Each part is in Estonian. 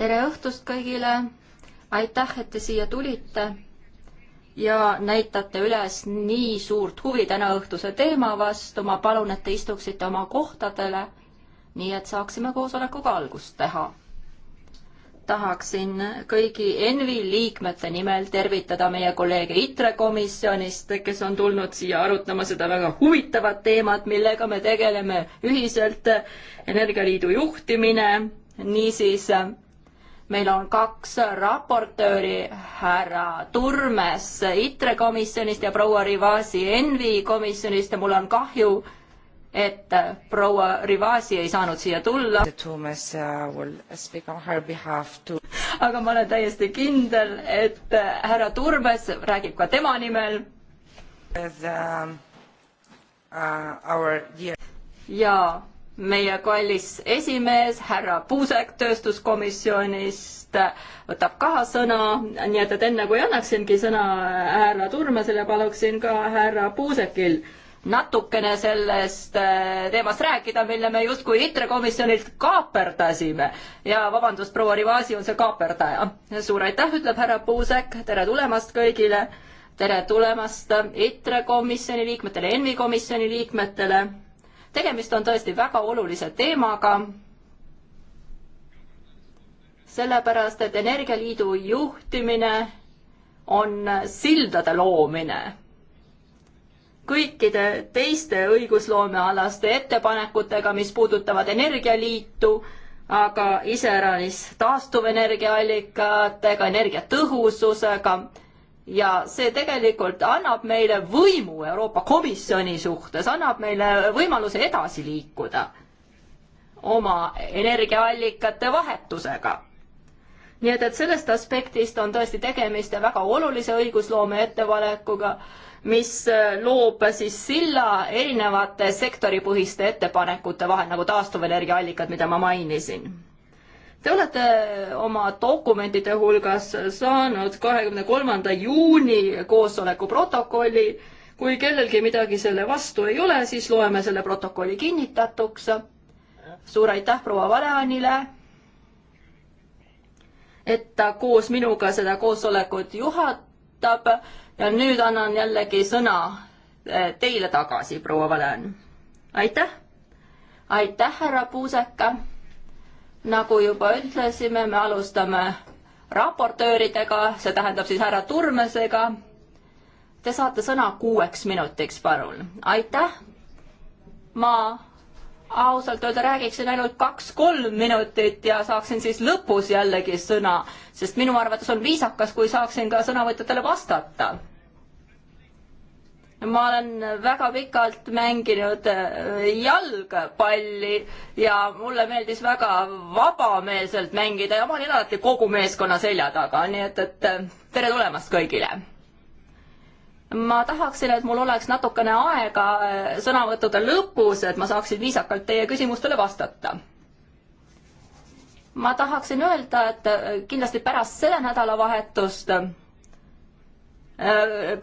tere õhtust kõigile, aitäh, et te siia tulite ja näitate üles nii suurt huvi tänaõhtuse teema vastu, ma palun, et te istuksite oma kohtadele, nii et saaksime koosolekuga algust teha tahaksin kõigi ENVI liikmete nimel tervitada meie kolleege ITRE komisjonist, kes on tulnud siia arutama seda väga huvitavat teemat, millega me tegeleme ühiselt, Energialiidu juhtimine, niisiis meil on kaks raportööri, härra Turmes ITRE komisjonist ja proua Rivasi ENVI komisjonist ja mul on kahju, et äh, proua Rivasi ei saanud siia tulla. Uh, aga ma olen täiesti kindel, et äh, härra Turmes räägib ka tema nimel. Um, uh, ja meie kallis esimees, härra Puusek tööstuskomisjonist võtab ka sõna, nii et, et enne kui annaksingi sõna härra Turmasele, paluksin ka härra Puusekil natukene sellest äh, teemast rääkida, mille me justkui ITRE komisjonilt kaaperdasime. ja vabandust, proua Rivasi on see kaaperdaja. suur aitäh, ütleb härra Puusek, tere tulemast kõigile. tere tulemast ITRE komisjoni liikmetele, ENVI komisjoni liikmetele. tegemist on tõesti väga olulise teemaga sellepärast, et Energialiidu juhtimine on sildade loomine kõikide teiste õigusloomealaste ettepanekutega, mis puudutavad energialiitu, aga iseäranis taastuvenergiaallikatega, energiatõhususega ja see tegelikult annab meile võimu Euroopa Komisjoni suhtes, annab meile võimaluse edasi liikuda oma energiaallikate vahetusega nii et, et sellest aspektist on tõesti tegemist väga olulise õigusloome ettepanekuga, mis äh, loob siis silla erinevate sektoripõhiste ettepanekute vahel, nagu taastuvenergia allikad, mida ma mainisin Te olete äh, oma dokumentide hulgas saanud kahekümne kolmanda juuni koosoleku protokolli. kui kellelgi midagi selle vastu ei ole, siis loeme selle protokolli kinnitatuks. suur aitäh proua Valeanile et ta koos minuga seda koosolekut juhatab ja nüüd annan jällegi sõna eh, teile tagasi, proua Valen. aitäh. aitäh, härra Puuseka. nagu juba ütlesime, me alustame raportööridega, see tähendab siis härra Turmesega. Te saate sõna kuueks minutiks, palun. aitäh. ma ausalt öelda räägiksin ainult kaks-kolm minutit ja saaksin siis lõpus jällegi sõna, sest minu arvates on viisakas, kui saaksin ka sõnavõtjatele vastata. ma olen väga pikalt mänginud äh, jalgpalli ja mulle meeldis väga vabameelselt mängida ja ma olin alati kogu meeskonna selja taga, nii et, et äh, tere tulemast kõigile ma tahaksin, et mul oleks natukene aega äh, sõnavõttude lõpus, et ma saaksin viisakalt teie küsimustele vastata. ma tahaksin öelda, et äh, kindlasti pärast seda nädalavahetust äh,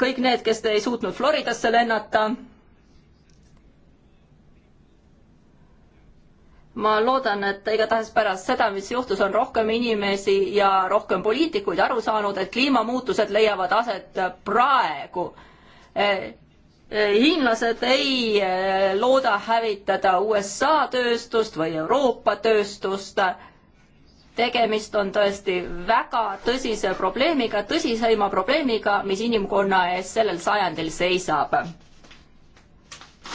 kõik need, kes ei suutnud Floridasse lennata ma loodan, et igatahes pärast seda, mis juhtus, on rohkem inimesi ja rohkem poliitikuid aru saanud, et kliimamuutused leiavad aset praegu. Eh, eh, hiinlased ei eh, looda hävitada USA tööstust või Euroopa tööstust. tegemist on tõesti väga tõsise probleemiga, tõsiseima probleemiga, mis inimkonna ees sellel sajandil seisab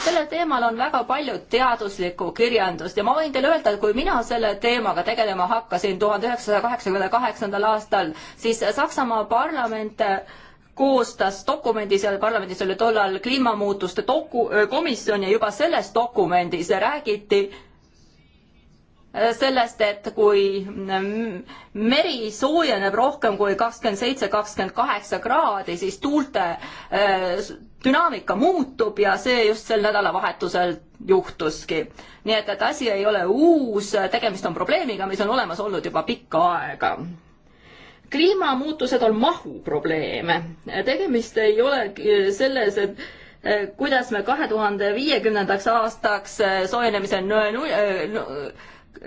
sellel teemal on väga palju teaduslikku kirjandust ja ma võin teile öelda, et kui mina selle teemaga tegelema hakkasin tuhande üheksasaja kaheksakümne kaheksandal aastal, siis Saksamaa parlament äh, koostas dokumendi, seal parlamendis oli tollal kliimamuutuste doku-, äh, komisjon ja juba selles dokumendis räägiti sellest, et kui meri soojeneb rohkem kui kakskümmend seitse, kakskümmend kaheksa kraadi, siis tuulte äh, dünaamika muutub ja see just sel nädalavahetusel juhtuski. nii et, et asi ei ole uus, tegemist on probleemiga, mis on olemas olnud juba pikka aega kliimamuutused on mahu probleem. tegemist ei olegi selles, et äh, kuidas me kahe tuhande viiekümnendaks aastaks äh, soojenemise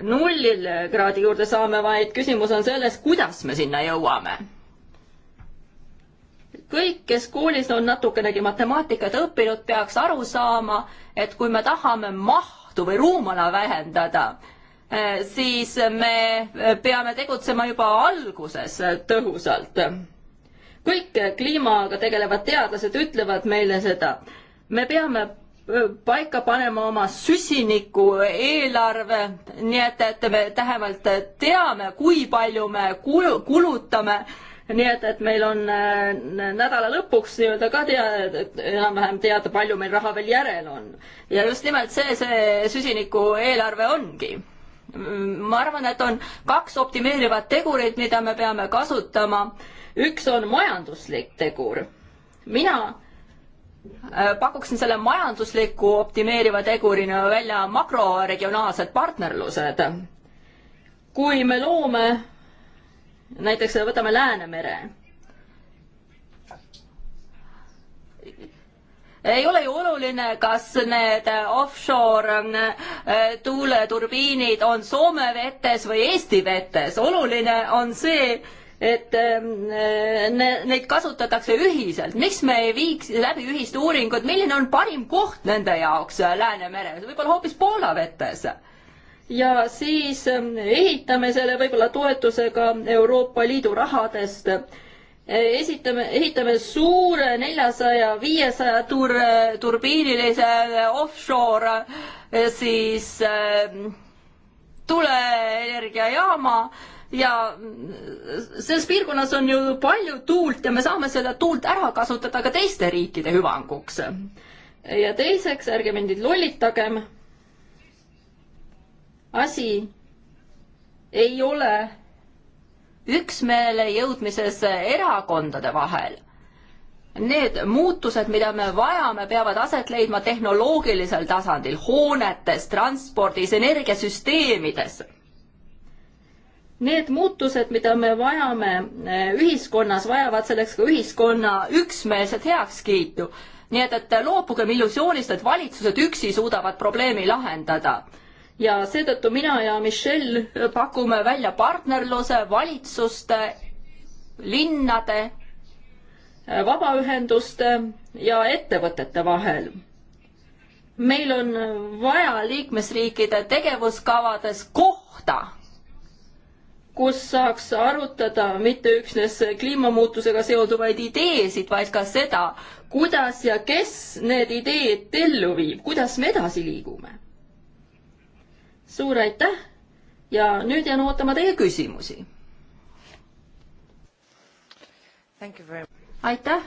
nulli kraadi juurde saame, vaid küsimus on selles, kuidas me sinna jõuame. kõik, kes koolis on natukenegi matemaatikat õppinud, peaks aru saama, et kui me tahame mahtu või ruumala vähendada, eh, siis me eh, peame tegutsema juba alguses eh, tõhusalt. kõik kliimaga tegelevad teadlased ütlevad meile seda. me peame paika panema oma süsiniku eelarve, nii et, et me vähemalt teame, kui palju me kulu, kulutame, nii et, et meil on äh, nädala lõpuks nii-öelda ka tea-, enam-vähem teada, palju meil raha veel järel on. ja just nimelt see, see süsiniku eelarve ongi ma arvan, et on kaks optimeerivat tegurit, mida me peame kasutama. üks on majanduslik tegur. mina Äh, pakuksin selle majandusliku optimeeriva tegurina välja makroregionaalsed partnerlused. kui me loome, näiteks võtame Läänemere ei ole ju oluline, kas need offshore äh, tuuleturbiinid on Soome vetes või Eesti vetes, oluline on see, et ähm, äh, ne, neid kasutatakse ühiselt, miks me ei viiks läbi ühist uuringut, milline on parim koht nende jaoks äh, Läänemerel, võib-olla hoopis Poola vetes. ja siis ähm, ehitame selle võib-olla toetusega Euroopa Liidu rahadest, äh, esitame, ehitame suure neljasaja, viiesaja tur-, turbiinilise offshore siis ähm, tuuleenergiajaama ja selles piirkonnas on ju palju tuult ja me saame seda tuult ära kasutada ka teiste riikide hüvanguks. ja teiseks, ärge mind nüüd lollitagem. asi ei ole üksmeele jõudmises erakondade vahel need muutused, mida me vajame, peavad aset leidma tehnoloogilisel tasandil, hoonetes, transpordis, energiasüsteemides. Need muutused, mida me vajame eh, ühiskonnas, vajavad selleks ka ühiskonna üksmeelset heakskiitu. nii et, et loobugem illusioonist, et valitsused üksi suudavad probleemi lahendada ja seetõttu mina ja Michelle eh, pakume välja partnerluse valitsuste, linnade, eh, vabaühenduste ja ettevõtete vahel. meil on vaja liikmesriikide tegevuskavades kohta, kus saaks arutada mitte üksnes kliimamuutusega seonduvaid ideesid, vaid ka seda, kuidas ja kes need ideed ellu viib, kuidas me edasi liigume. suur aitäh ja nüüd jään ootama teie küsimusi. aitäh.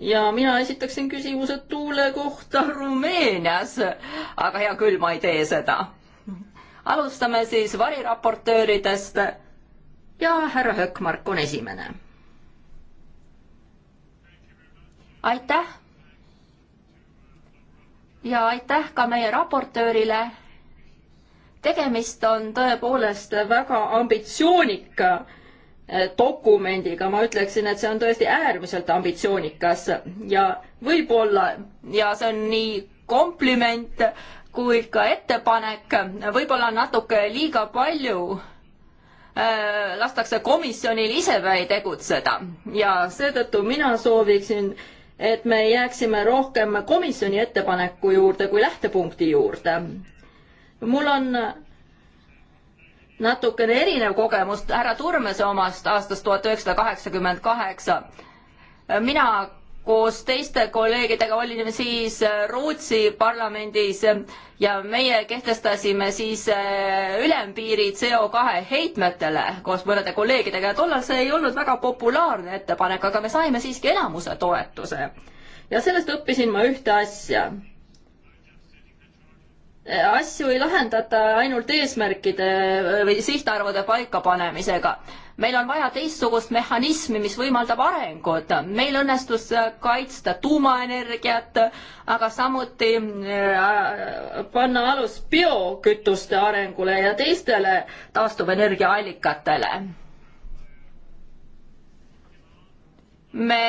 ja mina esitaksin küsimuse tuule kohta Rumeenias, aga hea küll, ma ei tee seda alustame siis variraportööridest ja härra Höökmark on esimene. aitäh. ja aitäh ka meie raportöörile. tegemist on tõepoolest väga ambitsioonika eh, dokumendiga, ma ütleksin, et see on tõesti äärmiselt ambitsioonikas ja võib-olla, ja see on nii kompliment, kuid ka ettepanek võib-olla natuke liiga palju äh, lastakse komisjonil ise väi tegutseda ja seetõttu mina sooviksin, et me jääksime rohkem komisjoni ettepaneku juurde kui lähtepunkti juurde. mul on natukene erinev kogemus härra Turmese omast aastast tuhat üheksasada kaheksakümmend kaheksa. mina koos teiste kolleegidega olime siis äh, Rootsi parlamendis ja meie kehtestasime siis äh, ülempiiri CO2 heitmetele koos mõnede kolleegidega ja tollal see ei olnud väga populaarne ettepanek, aga me saime siiski enamuse toetuse. ja sellest õppisin ma ühte asja. Äh, asju ei lahendata ainult eesmärkide või sihtarvude paikapanemisega meil on vaja teistsugust mehhanismi, mis võimaldab arengut. meil õnnestus äh, kaitsta tuumaenergiat, aga samuti äh, panna alus biokütuste arengule ja teistele taastuvenergiaallikatele me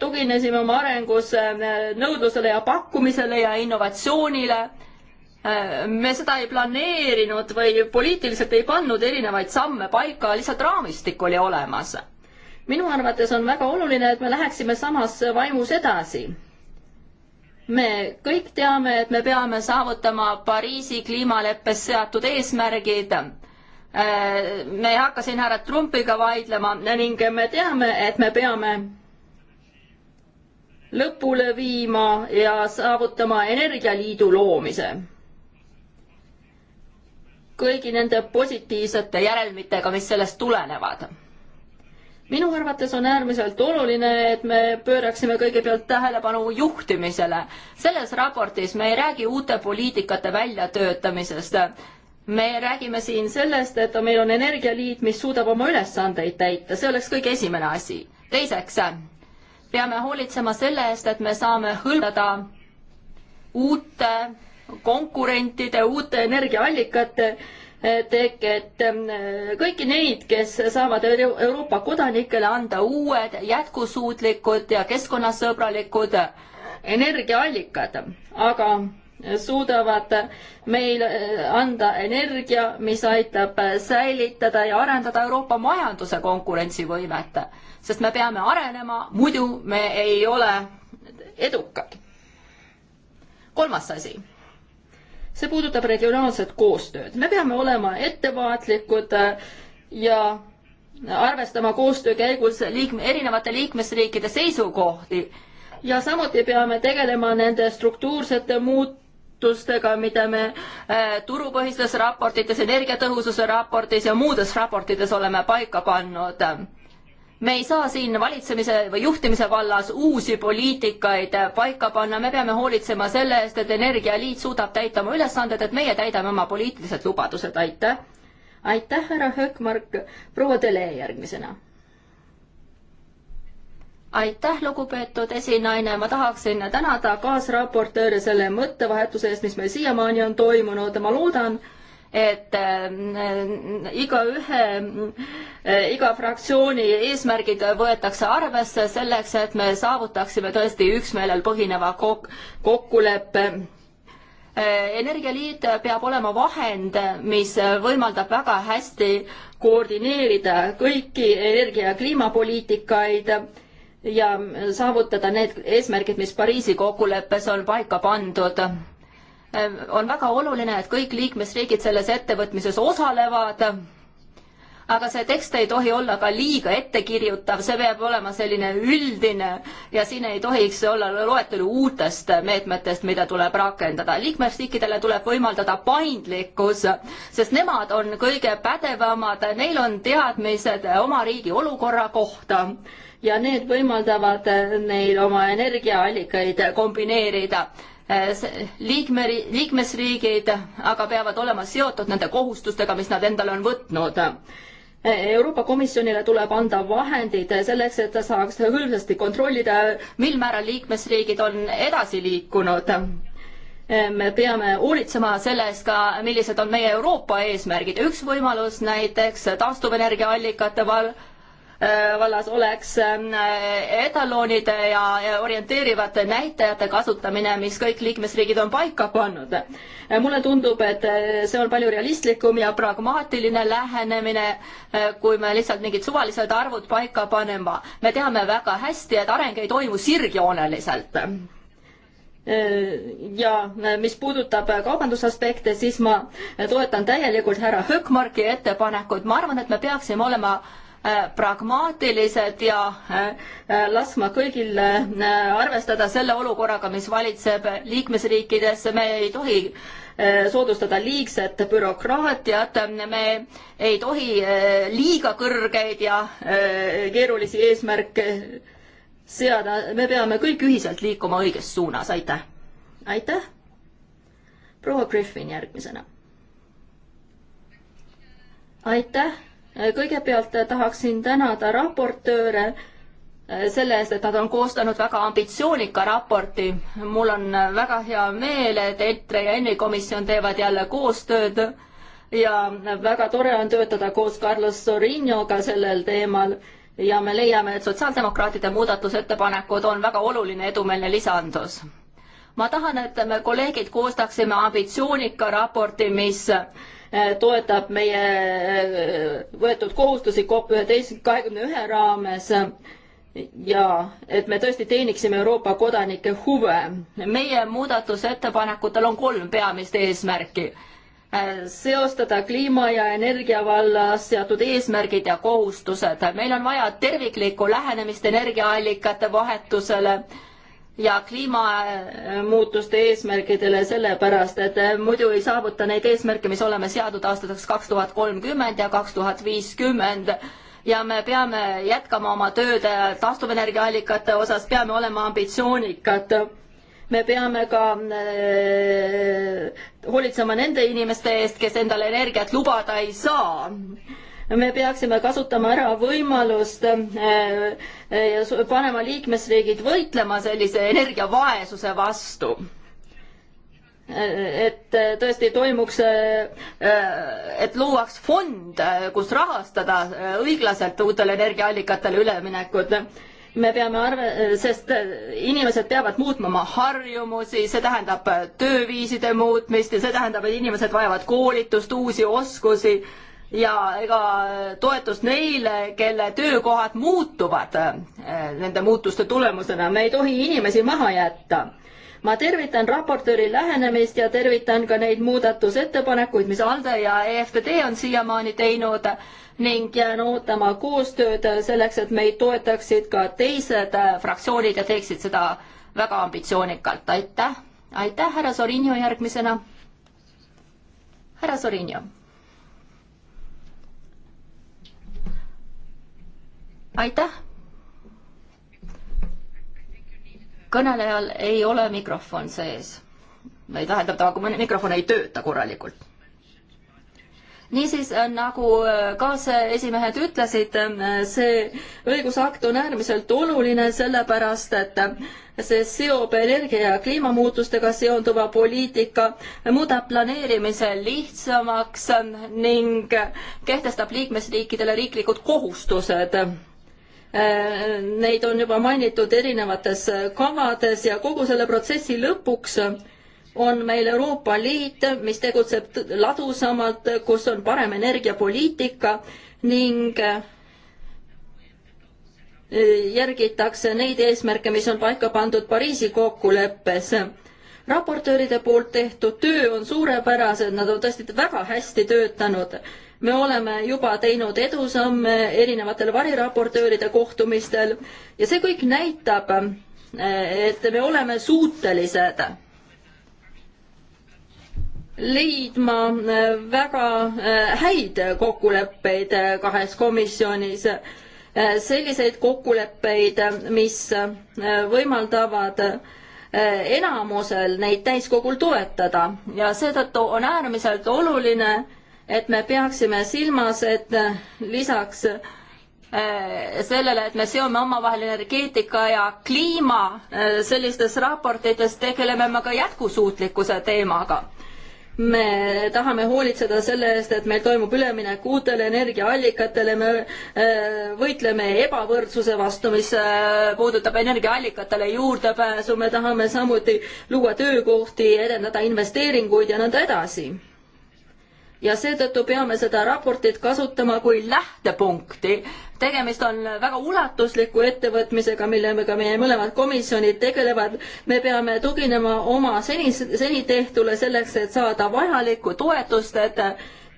tuginesime oma arengus äh, nõudlusele ja pakkumisele ja innovatsioonile Äh, me seda ei planeerinud või poliitiliselt ei pannud erinevaid samme paika, lihtsalt raamistik oli olemas. minu arvates on väga oluline, et me läheksime samas vaimus edasi. me kõik teame, et me peame saavutama Pariisi kliimaleppes seatud eesmärgid. Äh, me ei hakka siin härra Trumpiga vaidlema ning me teame, et me peame lõpule viima ja saavutama energialiidu loomise kõigi nende positiivsete järelmitega, mis sellest tulenevad. minu arvates on äärmiselt oluline, et me pööraksime kõigepealt tähelepanu juhtimisele. selles raportis me ei räägi uute poliitikate väljatöötamisest. me räägime siin sellest, et meil on energialiit, mis suudab oma ülesandeid täita, see oleks kõige esimene asi. teiseks, peame hoolitsema selle eest, et me saame hõlmada uute konkurentide, uute energiaallikate teket, ähm, kõiki neid, kes saavad Euroopa kodanikele anda uued jätkusuutlikud ja keskkonnasõbralikud energiaallikad, aga suudavad meil äh, anda energia, mis aitab äh, säilitada ja arendada Euroopa majanduse konkurentsivõimet, sest me peame arenema, muidu me ei ole edukad. kolmas asi see puudutab regionaalset koostööd. me peame olema ettevaatlikud äh, ja arvestama koostöö käigus liikme, erinevate liikmesriikide seisukohti ja samuti peame tegelema nende struktuursete muutustega, mida me äh, turupõhistes raportites, energiatõhususe raportis ja muudes raportides oleme paika pannud äh, me ei saa siin valitsemise või juhtimise vallas uusi poliitikaid paika panna, me peame hoolitsema selle eest, et Energialiit suudab täita oma ülesanded, et meie täidame oma poliitilised lubadused, aitäh. aitäh, härra Höökmark, proua Tele järgmisena aitäh, lugupeetud esinaine, ma tahaksin tänada kaasraportööre selle mõttevahetuse eest, mis meil siiamaani on toimunud, ma loodan, et äh, igaühe, äh, iga fraktsiooni eesmärgid võetakse arvesse selleks, et me saavutaksime tõesti üksmeelel põhineva kok-, kokkuleppe äh, energialiit peab olema vahend, mis võimaldab väga hästi koordineerida kõiki energia- ja kliimapoliitikaid ja saavutada need eesmärgid, mis Pariisi kokkuleppes on paika pandud Ehm, on väga oluline, et kõik liikmesriigid selles ettevõtmises osalevad, aga see tekst ei tohi olla ka liiga ettekirjutav, see peab olema selline üldine ja siin ei tohiks olla loetelu uutest meetmetest, mida tuleb rakendada. liikmesriikidele tuleb võimaldada paindlikkus, sest nemad on kõige pädevamad, neil on teadmised oma riigi olukorra kohta ja need võimaldavad neil oma energiaallikaid kombineerida Äh, liikme, liikmesriigid aga peavad olema seotud nende kohustustega, mis nad endale on võtnud. Äh, Euroopa Komisjonile tuleb anda vahendid selleks, et ta saaks hõlmsasti kontrollida, mil määral liikmesriigid on edasi liikunud äh, me peame hoolitsema selle eest ka, millised on meie Euroopa eesmärgid. üks võimalus näiteks taastuvenergiaallikate val-, Äh, vallas oleks ähm, äh, etaloonide ja orienteerivate näitajate kasutamine, mis kõik liikmesriigid on paika pannud. Äh, mulle tundub, et see on palju realistlikum ja pragmaatiline lähenemine, kui me lihtsalt mingid suvalised arvud paika panema. me teame väga hästi, et areng ei toimu sirgjooneliselt ja mis puudutab kaubandusaspekte, siis ma toetan täielikult härra Höökmarki ettepanekut, ma arvan, et me peaksime olema äh, Äh, pragmaatilised ja äh, äh, laskma kõigil arvestada selle olukorraga, mis valitseb liikmesriikides, me ei tohi soodustada liigset bürokraatiat, me ei tohi liiga kõrgeid ja keerulisi eesmärke seada, me peame kõik ühiselt liikuma õiges suunas, aitäh. aitäh. proua Griffin järgmisena. aitäh kõigepealt tahaksin tänada raportööre eh, selle eest, et nad on koostanud väga ambitsioonika raporti. mul on väga hea meel, et EKRE ja ENMi komisjon teevad jälle koostööd ja väga tore on töötada koos Carlos Sorinoga sellel teemal ja me leiame, et sotsiaaldemokraatide muudatusettepanekud on väga oluline edumeelne lisandus. ma tahan, et me kolleegid koostaksime ambitsioonika raporti, mis Äh, toetab meie äh, võetud kohustusi COP üheteist, kahekümne ühe raames ja et me tõesti teeniksime Euroopa kodanike huve. meie muudatusettepanekutel on kolm peamist eesmärki. Äh, seostada kliima ja energia vallas seatud eesmärgid ja kohustused. meil on vaja terviklikku lähenemist energiaallikate vahetusele ja kliimamuutuste eesmärkidele, sellepärast et eh, muidu ei saavuta neid eesmärke, mis oleme seadnud aastateks kaks tuhat kolmkümmend ja kaks tuhat viiskümmend ja me peame jätkama oma tööd eh, taastuvenergiaallikate osas, peame olema ambitsioonikad me peame ka äh, hoolitsema nende inimeste eest, kes endale energiat lubada ei saa me peaksime kasutama ära võimalust äh, äh, ja panema liikmesriigid võitlema sellise energiavaesuse vastu äh, et tõesti toimuks, et luuaks fond, kus rahastada õiglaselt uutele energiaallikatele üleminekut. me peame arve, sest inimesed peavad muutma oma harjumusi, see tähendab tööviiside muutmist ja see tähendab, et inimesed vajavad koolitust, uusi oskusi ja ega toetust neile, kelle töökohad muutuvad äh, nende muutuste tulemusena, me ei tohi inimesi maha jätta ma tervitan raportööri lähenemist ja tervitan ka neid muudatusettepanekuid, mis ALDE ja EFTD on siiamaani teinud ning jään ootama koostööd selleks, et meid toetaksid ka teised fraktsioonid ja teeksid seda väga ambitsioonikalt, aitäh. aitäh, härra Sorinio järgmisena. härra Sorinio. aitäh. kõnelejal ei ole mikrofon sees või tähendab, ta mikrofon ei tööta korralikult niisiis, nagu äh, kaasesimehed ütlesid, äh, see õigusakt on äärmiselt oluline, sellepärast et äh, see seob energia ja kliimamuutustega seonduva poliitika, muudab planeerimise lihtsamaks ning kehtestab liikmesriikidele riiklikud kohustused Neid on juba mainitud erinevates kavades ja kogu selle protsessi lõpuks on meil Euroopa Liit, mis tegutseb ladusamalt, kus on parem energiapoliitika ning e, järgitakse neid eesmärke, mis on paika pandud Pariisi kokkuleppes raportööride poolt tehtud töö on suurepärased, nad on tõesti väga hästi töötanud me oleme juba teinud edusamme erinevatel variraportööride kohtumistel ja see kõik näitab, et me oleme suutelised leidma väga häid kokkuleppeid kahes komisjonis, selliseid kokkuleppeid, mis võimaldavad enamusel neid täiskogul toetada ja seetõttu on äärmiselt oluline, et me peaksime silmas, et äh, lisaks äh, sellele, et me seome omavahel energeetika ja kliima, äh, sellistes raportites tegeleme me ka jätkusuutlikkuse teemaga. me tahame hoolitseda selle eest, et meil toimub üleminek uutele energiaallikatele, me võitleme ebavõrdsuse vastu, mis puudutab energiaallikatele juurdepääsu, me tahame samuti luua töökohti, edendada investeeringuid ja nõnda edasi ja seetõttu peame seda raportit kasutama kui lähtepunkti. tegemist on väga ulatusliku ettevõtmisega, millega meie mõlemad komisjonid tegelevad. me peame tuginema oma seni, seni tehtule selleks, et saada vajalikku toetust, et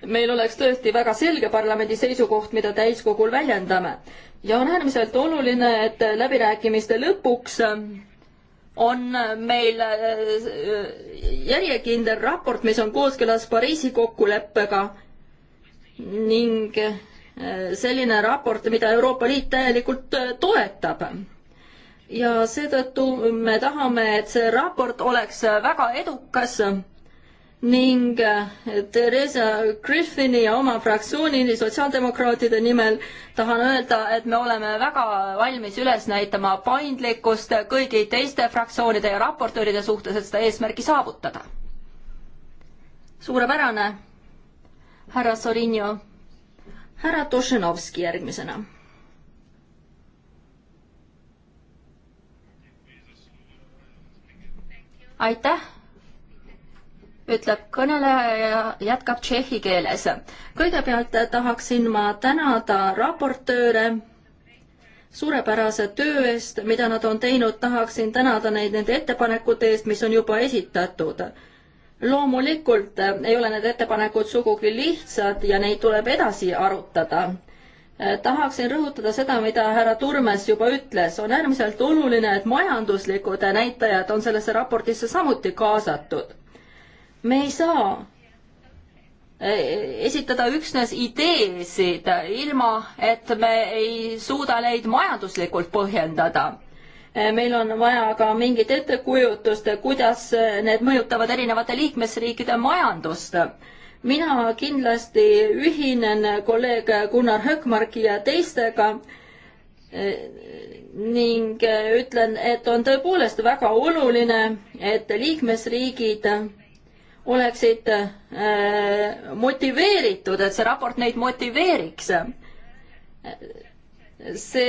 meil oleks tõesti väga selge parlamendi seisukoht, mida täiskogul väljendame. ja on äärmiselt oluline, et läbirääkimiste lõpuks on meil äh, järjekindel raport, mis on kooskõlas Pariisi kokkuleppega ning äh, selline raport, mida Euroopa Liit täielikult äh, toetab. ja seetõttu me tahame, et see raport oleks väga edukas ning äh, Theresa Griffini ja oma fraktsioonini sotsiaaldemokraatide nimel tahan öelda, et me oleme väga valmis üles näitama paindlikkust kõigi teiste fraktsioonide ja raportööride suhtes, et seda eesmärki saavutada. suurepärane, härra Sorinio. härra Tošenovski järgmisena. aitäh ütleb kõneleja ja jätkab tšehhi keeles. kõigepealt tahaksin ma tänada raportööre suurepärase töö eest, mida nad on teinud, tahaksin tänada neid nende ettepanekute eest, mis on juba esitatud. loomulikult ei ole need ettepanekud sugugi lihtsad ja neid tuleb edasi arutada tahaksin rõhutada seda, mida härra Turmes juba ütles, on äärmiselt oluline, et majanduslikud näitajad on sellesse raportisse samuti kaasatud me ei saa e, esitada üksnes ideesid, ilma et me ei suuda neid majanduslikult põhjendada. E, meil on vaja ka mingit ettekujutust, kuidas need mõjutavad erinevate liikmesriikide majandust. mina kindlasti ühinen kolleeg Gunnar Hökmarki ja teistega e, ning ütlen, et on tõepoolest väga oluline, et liikmesriigid oleksid äh, motiveeritud, et see raport neid motiveeriks. see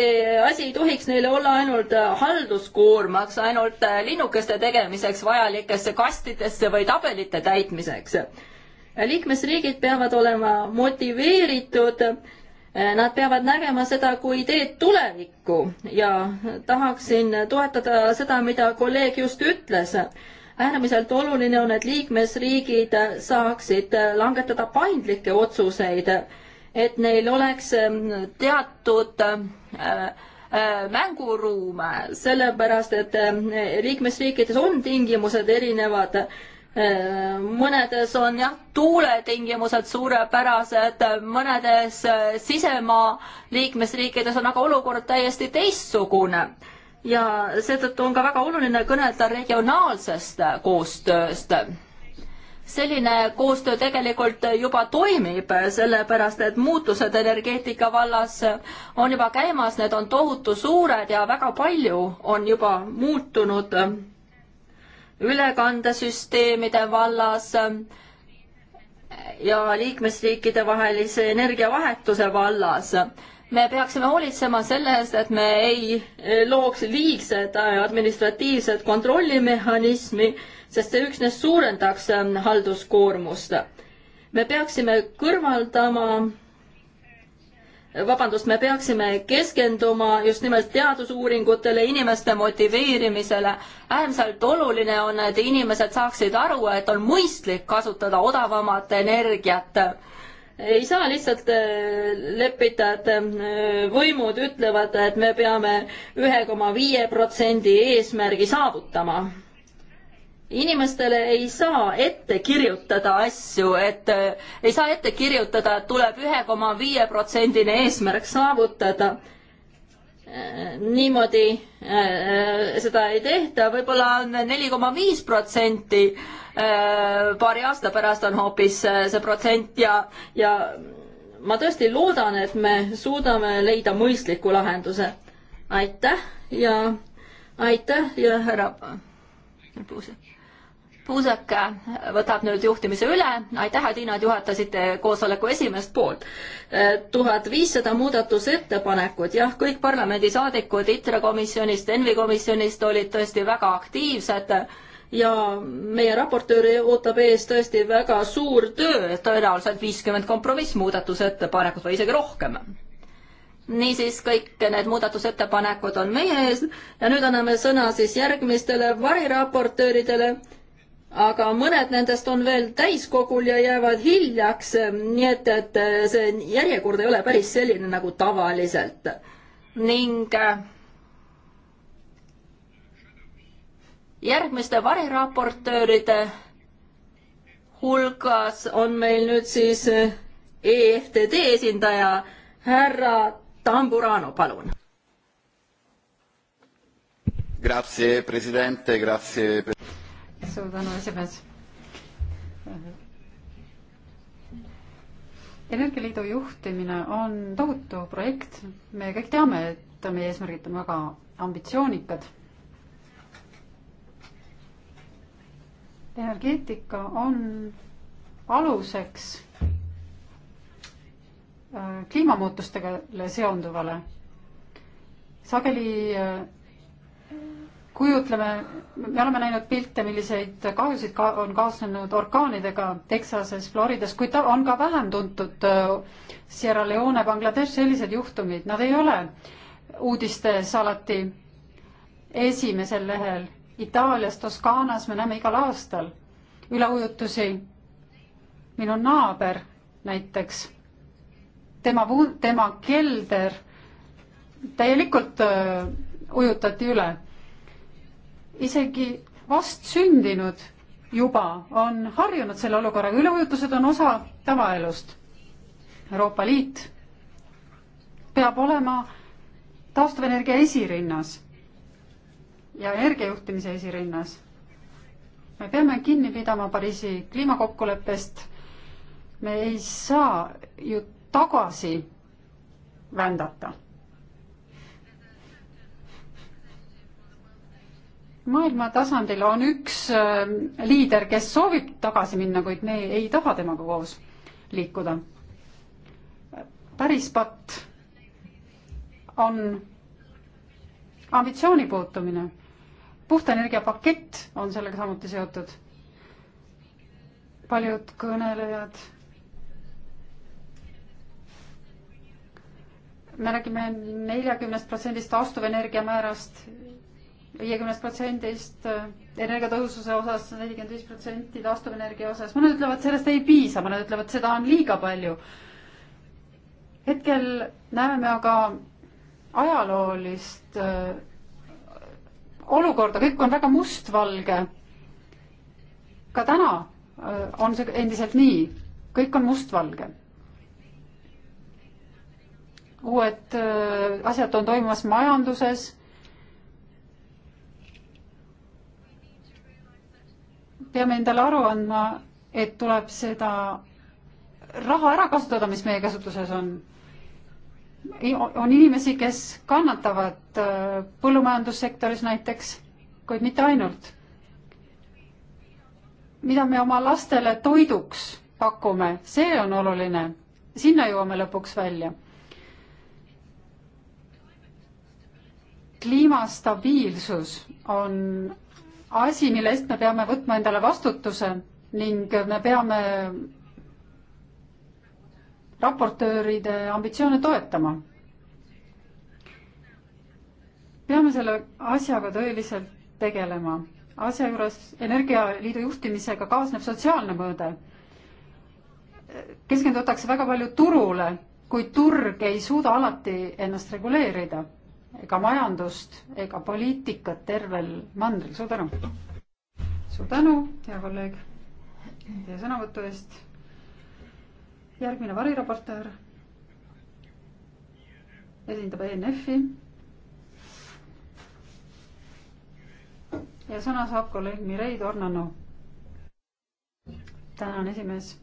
asi ei tohiks neile olla ainult halduskoormaks, ainult äh, linnukeste tegemiseks vajalikesse kastidesse või tabelite täitmiseks. liikmesriigid peavad olema motiveeritud Nad peavad nägema seda kui ideed tulevikku ja tahaksin toetada seda, mida kolleeg just ütles äärmiselt oluline on, et liikmesriigid saaksid langetada paindlikke otsuseid, et neil oleks ähm, teatud äh, äh, mänguruum, sellepärast et ähm, liikmesriikides on tingimused erinevad. Äh, mõnedes on jah, tuuletingimused suurepärased, mõnedes sisemaa liikmesriikides on aga olukord täiesti teistsugune ja seetõttu on ka väga oluline kõnelda regionaalsest koostööst. selline koostöö tegelikult juba toimib, sellepärast et muutused energeetika vallas on juba käimas, need on tohutu suured ja väga palju on juba muutunud ülekandesüsteemide vallas ja liikmesriikide vahelise energiavahetuse vallas me peaksime hoolitsema selle eest, et me ei looks liigset äh, administratiivset kontrollimehhanismi, sest see üksnes suurendaks ähm, halduskoormust. me peaksime kõrvaldama vabandust, me peaksime keskenduma just nimelt teadusuuringutele, inimeste motiveerimisele. äärmiselt oluline on, et inimesed saaksid aru, et on mõistlik kasutada odavamat energiat ei saa lihtsalt äh, leppida, et äh, võimud ütlevad, et me peame ühe koma viie protsendi eesmärgi saavutama. inimestele ei saa ette kirjutada asju, et äh, ei saa ette kirjutada, et tuleb ühe koma viie protsendine eesmärk saavutada Äh, niimoodi äh, seda ei tehta, võib-olla on neli koma viis protsenti, äh, paari aasta pärast on hoopis see protsent ja, ja ma tõesti loodan, et me suudame leida mõistliku lahenduse. aitäh ja aitäh ja härra Puusek. Puusek võtab nüüd juhtimise üle, aitäh, Adina, et juhatasite koosoleku esimest poolt. tuhat viissada muudatusettepanekut, jah, kõik parlamendisaadikud ITRE komisjonist, ENVI komisjonist olid tõesti väga aktiivsed ja meie raportööri ootab ees tõesti väga suur töö, tõenäoliselt viiskümmend kompromissmuudatusettepanekut või isegi rohkem. niisiis, kõik need muudatusettepanekud on meie ees ja nüüd anname sõna siis järgmistele variraportööridele aga mõned nendest on veel täiskogul ja jäävad hiljaks, nii et, et eh, see järjekord ei ole päris selline nagu tavaliselt. ning eh, järgmiste variraportööride hulgas on meil nüüd siis EFTD eh, e esindaja härra Tamburano, palun. Grazie, presidente, grazie pre suur tänu, esimees. energialiidu juhtimine on tohutu projekt, me kõik teame, et meie eesmärgid on väga ambitsioonikad. energeetika on aluseks äh, kliimamuutustega seonduvale sageli äh, kujutleme, me oleme näinud pilte, milliseid kahjusid ka on kaasnenud orkaanidega Texases, Floridas, kuid on ka vähem tuntud äh, Sierra Leone, Bangladesh, sellised juhtumid, nad ei ole uudistes alati esimesel lehel. Itaalias, Toskaanas me näeme igal aastal üleujutusi. minu naaber näiteks, tema, tema kelder täielikult äh, ujutati üle isegi vastsündinud juba on harjunud selle olukorraga, üleujutused on osa tavaelust. Euroopa Liit peab olema taastuvenergia esirinnas ja energiajuhtimise esirinnas. me peame kinni pidama Pariisi kliimakokkuleppest. me ei saa ju tagasi vändata maailma tasandil on üks äh, liider, kes soovib tagasi minna, kuid me ei taha temaga koos liikuda. päris patt on ambitsiooni puutumine. puhta energia pakett on sellega samuti seotud. paljud kõnelejad. me räägime neljakümnest protsendist taastuvenergia määrast viiekümnest protsendist, äh, energiatõhususe osas nelikümmend viis protsenti, taastuvenergia osas, mõned ütlevad, sellest ei piisa, mõned ütlevad, seda on liiga palju. hetkel näeme me aga ajaloolist äh, olukorda, kõik on väga mustvalge. ka täna äh, on see endiselt nii, kõik on mustvalge uued asjad on toimumas majanduses peame endale aru andma, et tuleb seda raha ära kasutada, mis meie käsutuses on. on inimesi, kes kannatavad äh, põllumajandussektoris näiteks, kuid mitte ainult. mida me oma lastele toiduks pakume, see on oluline. sinna jõuame lõpuks välja. kliimastabiilsus on asi, mille eest me peame võtma endale vastutuse ning me peame raportööride ambitsioone toetama. peame selle asjaga tõeliselt tegelema. asja juures Energialiidu juhtimisega kaasneb sotsiaalne mõõde. keskendutakse väga palju turule, kuid turg ei suuda alati ennast reguleerida ega majandust ega poliitikat tervel mandril. suur tänu! suur tänu, hea kolleeg, teie sõnavõtu eest. järgmine variraportöör esindab ENF-i. ja sõna saab kolleeg Mirei Tornanu. tänan, esimees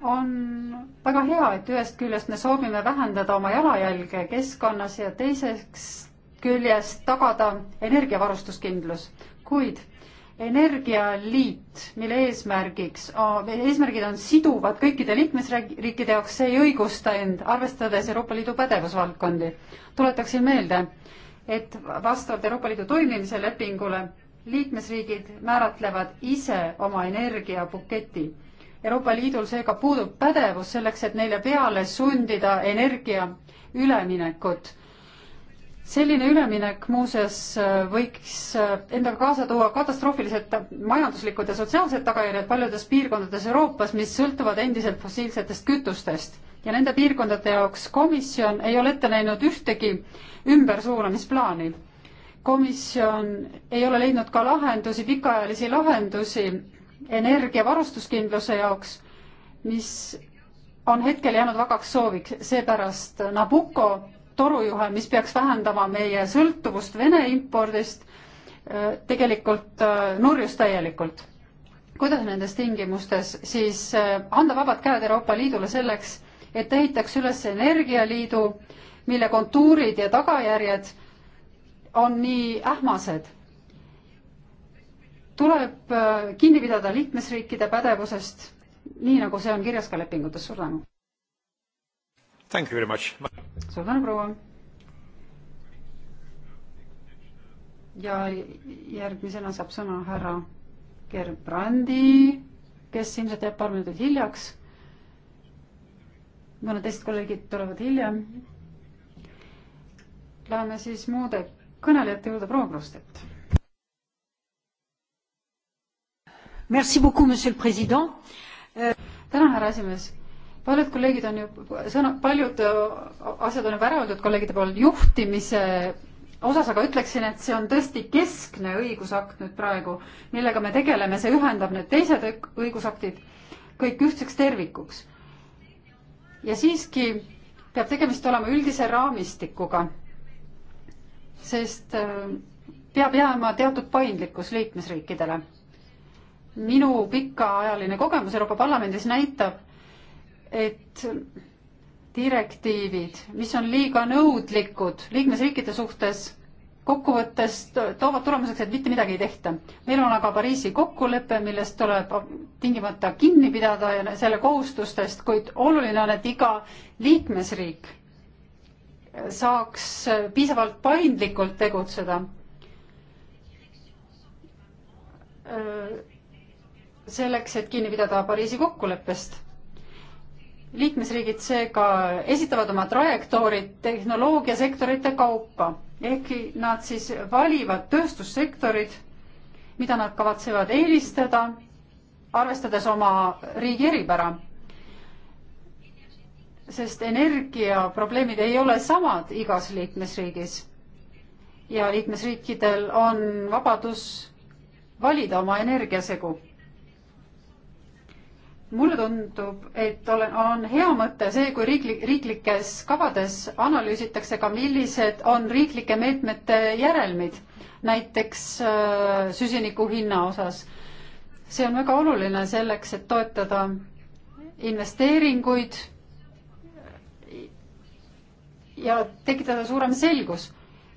on väga hea, et ühest küljest me soovime vähendada oma jalajälge keskkonnas ja teiseks küljest tagada energiavarustuskindlus, kuid energialiit, mille eesmärgiks, eesmärgid on siduvad kõikide liikmesriikide jaoks, see ei õigusta end, arvestades Euroopa Liidu pädevusvaldkondi. tuletaksin meelde, et vastavalt Euroopa Liidu toimimise lepingule liikmesriigid määratlevad ise oma energiabuketi Euroopa Liidul seega puudub pädevus selleks, et neile peale sundida energia üleminekut. selline üleminek muuseas äh, võiks äh, endaga kaasa tuua katastroofilised majanduslikud ja sotsiaalsed tagajärjed paljudes piirkondades Euroopas, mis sõltuvad endiselt fossiilsetest kütustest ja nende piirkondade jaoks komisjon ei ole ette näinud ühtegi ümbersuunamisplaani. komisjon ei ole leidnud ka lahendusi, pikaajalisi lahendusi energiavarustuskindluse jaoks, mis on hetkel jäänud vagaks sooviks, seepärast Nabucco torujuhe, mis peaks vähendama meie sõltuvust Vene impordist, äh, tegelikult äh, nurjus täielikult. kuidas nendes tingimustes siis äh, anda vabad käed Euroopa Liidule selleks, et ehitaks üles energialiidu, mille kontuurid ja tagajärjed on nii ähmased tuleb äh, kinni pidada liikmesriikide pädevusest, nii nagu see on kirjas ka lepingutes. suur tänu! suur tänu, proua! ja järgmisena saab sõna härra Gerbrandi, kes ilmselt jääb paar minutit hiljaks. mõned teised kolleegid tulevad hiljem. Läheme siis muude kõnelejate juurde, proua Krustet Euh, tänan, härra esimees. paljud kolleegid on ju, sõna, paljud äh, asjad on juba ära öeldud kolleegide pool juhtimise osas, aga ütleksin, et see on tõesti keskne õigusakt nüüd praegu, millega me tegeleme, see ühendab need teised õigusaktid kõik ühtseks tervikuks. ja siiski peab tegemist olema üldise raamistikuga, sest äh, peab jääma teatud paindlikkus liikmesriikidele minu pikaajaline kogemus Euroopa Parlamendis näitab, et direktiivid, mis on liiga nõudlikud liikmesriikide suhtes, kokkuvõttes toovad tulemuseks, et mitte midagi ei tehta. meil on aga Pariisi kokkulepe, millest tuleb tingimata kinni pidada ja selle kohustustest, kuid oluline on, et iga liikmesriik saaks piisavalt paindlikult tegutseda selleks, et kinni pidada Pariisi kokkuleppest. liikmesriigid seega esitavad oma trajektoorid tehnoloogiasektorite kaupa, ehkki nad siis valivad tööstussektorid, mida nad kavatsevad eelistada, arvestades oma riigi eripära. sest energiaprobleemid ei ole samad igas liikmesriigis ja liikmesriikidel on vabadus valida oma energiasegu mulle tundub, et olen, on hea mõte see, kui riiklik, riiklikes kavades analüüsitakse ka, millised on riiklike meetmete järelmid, näiteks äh, süsiniku hinna osas. see on väga oluline selleks, et toetada investeeringuid ja tekitada suurem selgus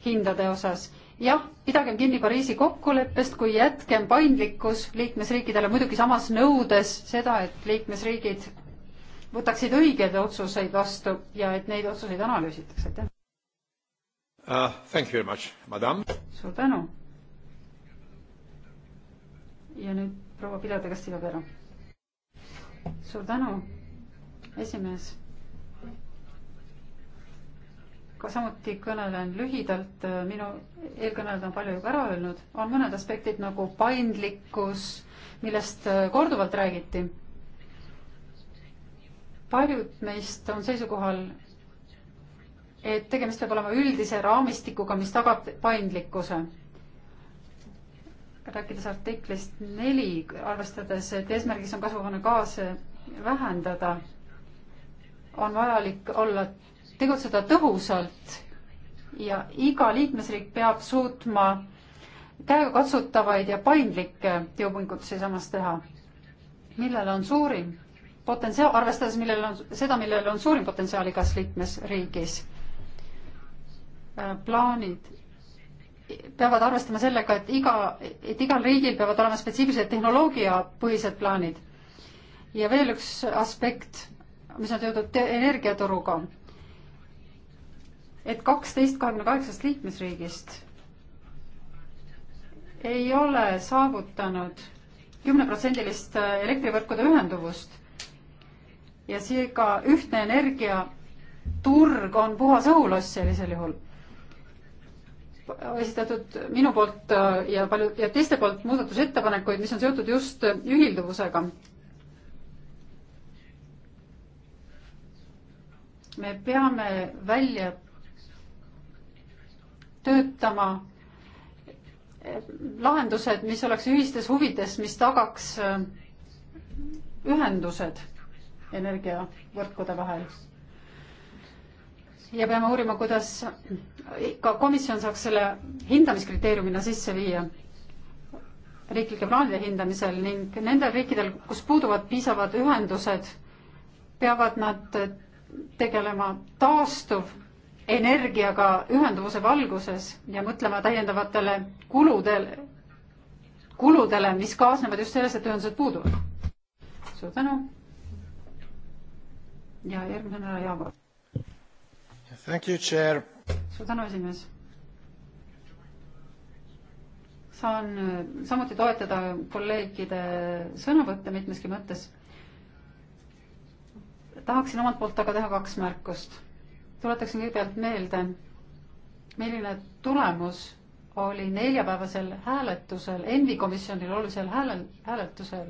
hindade osas jah, pidagem kinni Pariisi kokkuleppest, kui jätkem paindlikkus liikmesriikidele, muidugi samas nõudes seda, et liikmesriigid võtaksid õigeid otsuseid vastu ja et neid otsuseid analüüsitakse, aitäh uh,. Thank you very much, madam. suur tänu. ja nüüd proua Pilede Kastilja-Pero. suur tänu, esimees ka samuti kõnelen lühidalt, minu eelkõnelejad on palju juba ära öelnud, on mõned aspektid nagu paindlikkus, millest korduvalt räägiti. paljud meist on seisukohal, et tegemist peab olema üldise raamistikuga, mis tagab paindlikkuse. rääkides artiklist neli, arvestades, et eesmärgiks on kasvuhoonegaase vähendada, on vajalik olla tegutseda tõhusalt ja iga liikmesriik peab suutma käegakatsutavaid ja paindlikke jõupingutusi samas teha, millel on suurim potentsiaal, arvestades, millel on, seda, millel on suurim potentsiaal igas liikmesriigis. Äh, plaanid peavad arvestama sellega, et iga, et igal riigil peavad olema spetsiifilised tehnoloogiapõhised plaanid. ja veel üks aspekt, mis on seotud energiaturuga et kaksteist kahekümne kaheksast liikmesriigist ei ole saavutanud kümneprotsendilist äh, elektrivõrkude ühenduvust ja seega ühtne energiaturg on puhas õhuloss sellisel juhul. esitatud minu poolt äh, ja palju ja teiste poolt muudatusettepanekuid, mis on seotud just äh, ühilduvusega. me peame välja töötama lahendused, mis oleks ühistes huvides, mis tagaks äh, ühendused energiavõrkude vahel. ja peame uurima, kuidas ka komisjon saaks selle hindamiskriteeriumina sisse viia riiklike plaanide hindamisel ning nendel riikidel, kus puuduvad piisavad ühendused, peavad nad tegelema taastuv energiaga ühenduvuse valguses ja mõtlema täiendavatele kuludele, kuludele, mis kaasnevad just sellest, et ühendused puuduvad. suur tänu. ja järgmisena Jaago. Thank you, chair. suur tänu, esimees. saan äh, samuti toetada kolleegide sõnavõtte mitmeski mõttes. tahaksin omalt poolt aga teha kaks märkust tuletaksin kõigepealt meelde, milline tulemus oli neljapäevasel hääletusel, ENVI komisjonil olulisel häälel, hääletusel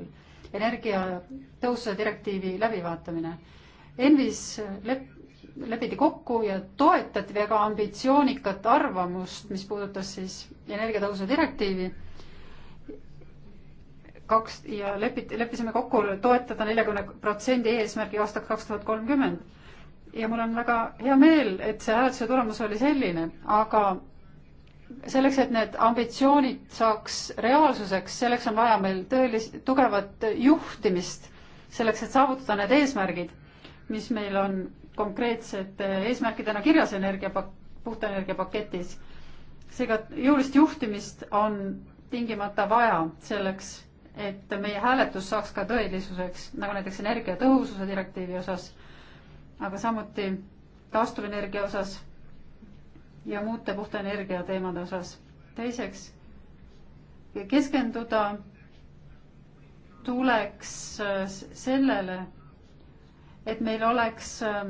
energiatõususe direktiivi läbivaatamine. ENVis lep-, lepiti kokku ja toetati väga ambitsioonikat arvamust, mis puudutas siis energiatõususe direktiivi kaks ja lepiti, leppisime kokku toetada neljakümne protsendi eesmärgi aastaks kaks tuhat kolmkümmend ja mul on väga hea meel, et see hääletuse tulemus oli selline, aga selleks, et need ambitsioonid saaks reaalsuseks, selleks on vaja meil tõelist, tugevat juhtimist, selleks, et saavutada need eesmärgid, mis meil on konkreetsete eesmärkidena kirjas energia, puhta energia paketis. seega jõulist juhtimist on tingimata vaja selleks, et meie hääletus saaks ka tõelisuseks, nagu näiteks energiatõhususe direktiivi osas aga samuti taastuvenergia osas ja muude puhta energia teemade osas. teiseks, keskenduda tuleks äh, sellele, et meil oleks äh,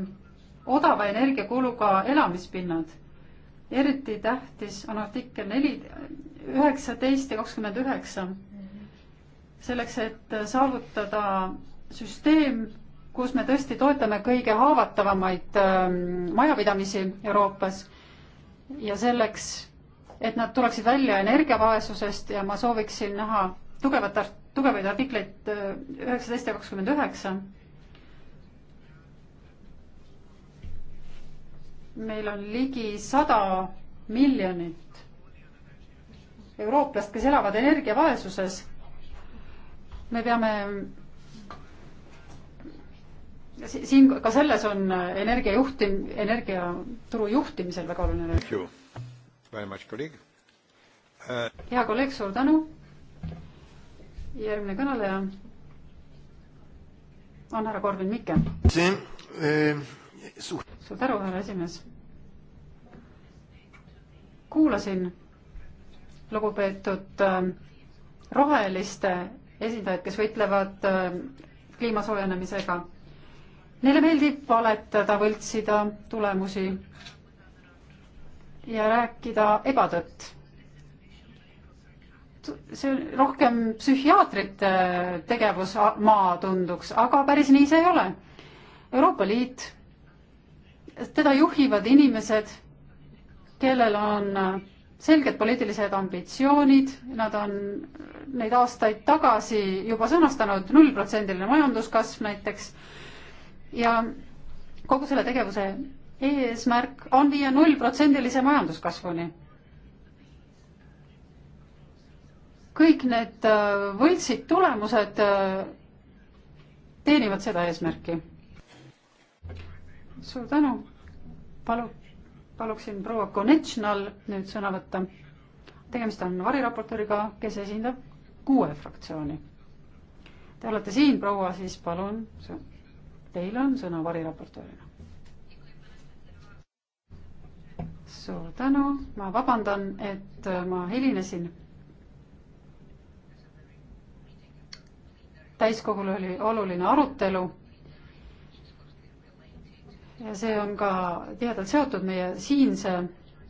odava energiakuluga elamispinnad. eriti tähtis on artikkel neli, üheksateist ja kakskümmend üheksa. selleks, et saavutada süsteem, kus me tõesti toetame kõige haavatavamaid ähm, majapidamisi Euroopas ja selleks, et nad tuleksid välja energiavaesusest ja ma sooviksin näha tugevat, tugevaid artikleid äh, üheksateist ja kakskümmend üheksa. meil on ligi sada miljonit eurooplast, kes elavad energiavaesuses. me peame siin, ka selles on äh, energia juhtim-, energiaturu juhtimisel väga oluline roll. Uh, hea kolleeg, suur tänu. järgmine kõneleja on härra Korbin Mikke. Eh, suur tänu, härra esimees. kuulasin lugupeetud äh, roheliste esindajaid, kes võitlevad äh, kliima soojenemisega Neile meeldib valetada, võltsida tulemusi ja rääkida ebatõtt. see on rohkem psühhiaatrite tegevusmaa tunduks, aga päris nii see ei ole. Euroopa Liit, teda juhivad inimesed, kellel on äh, selged poliitilised ambitsioonid, nad on äh, neid aastaid tagasi juba sõnastanud nullprotsendiline majanduskasv näiteks ja kogu selle tegevuse eesmärk on viia nullprotsendilise majanduskasvuni. kõik need äh, võltsid tulemused äh, teenivad seda eesmärki. suur tänu, palu, paluksin proua Konechnal nüüd sõna võtta. tegemist on variraportööriga, kes esindab kuue fraktsiooni. Te olete siin, proua, siis palun Teil on sõna variraportöörina. suur tänu, ma vabandan, et ma hilinesin. täiskogul oli oluline arutelu. ja see on ka tihedalt seotud meie siinse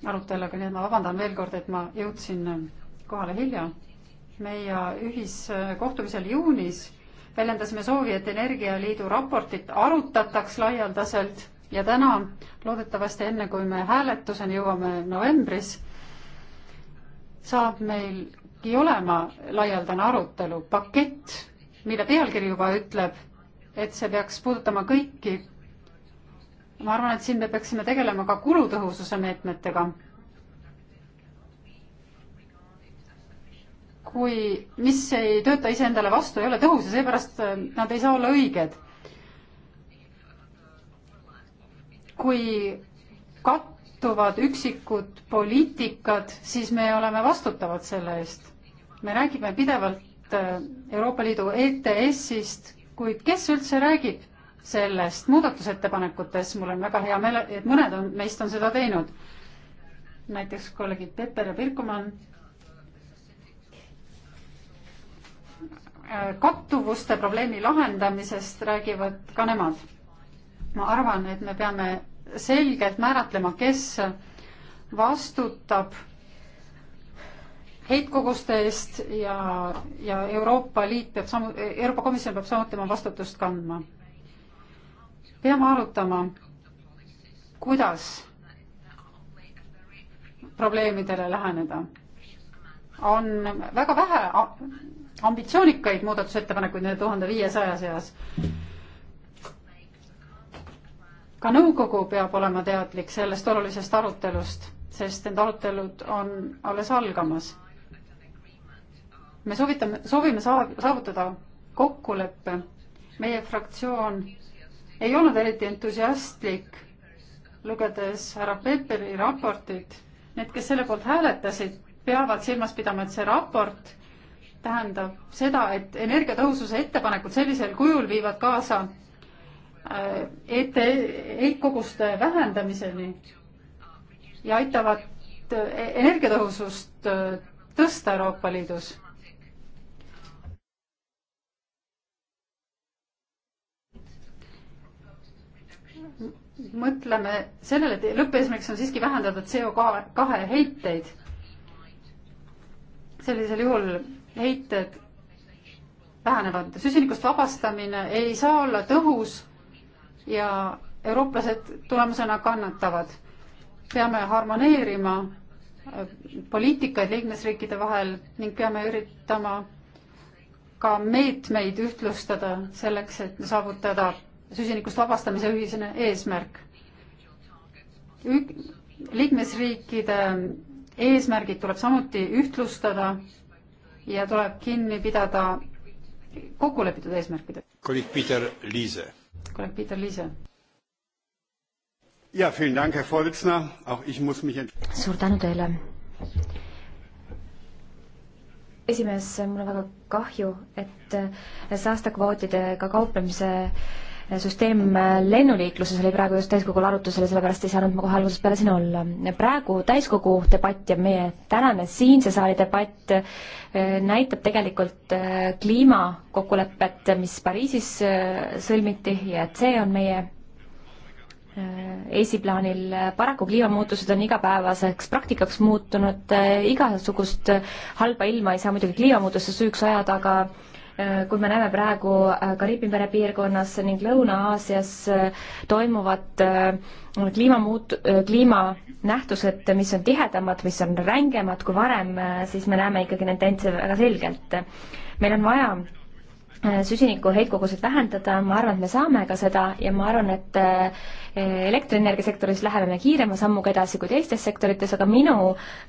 aruteluga, nii et ma vabandan veel kord, et ma jõudsin kohale hilja. meie ühiskohtumisel juunis väljendasime soovi, et Energialiidu raportit arutataks laialdaselt ja täna loodetavasti enne, kui me hääletuseni jõuame novembris, saab meilgi olema laialdane arutelu, pakett, mille pealkiri juba ütleb, et see peaks puudutama kõiki. ma arvan, et siin me peaksime tegelema ka kulutõhususe meetmetega kui, mis ei tööta iseendale vastu, ei ole tõhus ja seepärast äh, nad ei saa olla õiged. kui kattuvad üksikud poliitikad, siis me oleme vastutavad selle eest. me räägime pidevalt äh, Euroopa Liidu ETS-ist, kuid kes üldse räägib sellest muudatusettepanekutes, mul on väga hea meel, et mõned on, meist on seda teinud. näiteks kolleegid Pepper ja Pirkumann Äh, kattuvuste probleemi lahendamisest räägivad ka nemad. ma arvan, et me peame selgelt määratlema, kes vastutab heitkoguste eest ja, ja Euroopa Liit peab samu-, Euroopa Komisjon peab samuti oma vastutust kandma. peame arutama, kuidas probleemidele läheneda. on väga vähe ambitsioonikaid muudatusettepanekuid nende tuhande viiesaja seas. ka nõukogu peab olema teadlik sellest olulisest arutelust, sest need arutelud on alles algamas. me soovitame, soovime saavutada kokkuleppe. meie fraktsioon ei olnud eriti entusiastlik, lugedes härra Pepperi raportit. Need, kes selle poolt hääletasid, peavad silmas pidama, et see raport tähendab seda, et energiatõhususe ettepanekud sellisel kujul viivad kaasa äh, ette heitkoguste vähendamiseni ja aitavad äh, energiatõhusust äh, tõsta Euroopa Liidus. mõtleme sellele, et lõppeesmärgiks on siiski vähendada CO kahe heiteid. sellisel juhul heited vähenevad. süsinikust vabastamine ei saa olla tõhus ja eurooplased tulemusena kannatavad. peame harmoneerima äh, poliitikaid liikmesriikide vahel ning peame üritama ka meetmeid ühtlustada selleks, et saavutada süsinikust vabastamise ühisene eesmärk. liikmesriikide eesmärgid tuleb samuti ühtlustada ja tuleb kinni pidada kokku lepitud eesmärkidest. kolleeg Peter Liise. kolleeg Peter Liise. Ja, vielen Dank, Herr Vorsitzender. Auch ich muss mich Suur tänu teile. esimees, mul on väga kahju, et saastekvootidega kauplemise äh, süsteem lennuliikluses oli praegu just täiskogul arutusel ja sellepärast ei saanud ma kohe algusest peale siin olla. praegu täiskogu debatt ja meie tänane siinse saali debatt äh, näitab tegelikult äh, kliimakokkulepet, mis Pariisis äh, sõlmiti ja et see on meie esiplaanil paraku kliimamuutused on igapäevaseks praktikaks muutunud, igasugust halba ilma ei saa muidugi kliimamuutuste süüks ajada, aga Äh, kui me näeme praegu äh, Kariibi mere piirkonnas ning Lõuna-Aasias äh, toimuvat kliimamuut-, kliimanähtused, mis on tihedamad, mis on rängemad kui varem, siis me näeme ikkagi tendentse väga selgelt. meil on vaja Äh, süsiniku heitkogused vähendada, ma arvan, et me saame ka seda ja ma arvan, et äh, elektrienergiasektoris läheme me kiirema sammuga edasi kui teistes sektorites, aga minu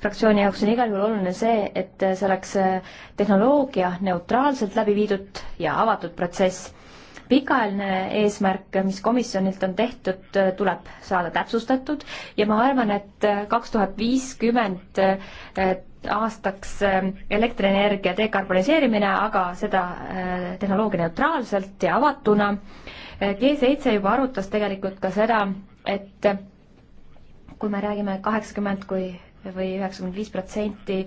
fraktsiooni jaoks on igal juhul oluline see, et see oleks äh, tehnoloogia neutraalselt läbi viidud ja avatud protsess. pikaajaline eesmärk, mis komisjonilt on tehtud, tuleb saada täpsustatud ja ma arvan, et kaks tuhat viiskümmend aastaks ähm, elektrienergia dekarboniseerimine, aga seda äh, tehnoloogia neutraalselt ja avatuna. Äh, G7 juba arutas tegelikult ka seda, et äh, kui me räägime kaheksakümmend kui või üheksakümmend viis protsenti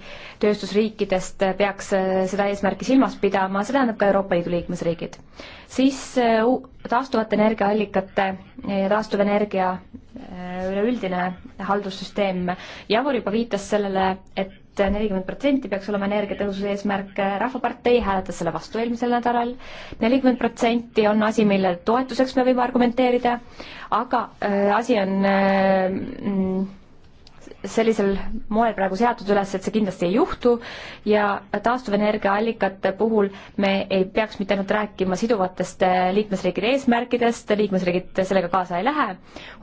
tööstusriikidest peaks seda eesmärki silmas pidama, see tähendab ka Euroopa Liidu liikmesriigid. siis taastuvate energiaallikate ja taastuvenergia üleüldine haldussüsteem, Javor juba viitas sellele, et et nelikümmend protsenti peaks olema energiatõhususe eesmärk, Rahvapartei hääletas selle vastu eelmisel nädalal, nelikümmend protsenti on asi, mille toetuseks me võime argumenteerida, aga äh, asi on äh, mm, sellisel moel praegu seatud üles, et see kindlasti ei juhtu ja taastuvenergiaallikate puhul me ei peaks mitte ainult rääkima siduvatest eh, liikmesriikide eesmärkidest, liikmesriigid sellega kaasa ei lähe,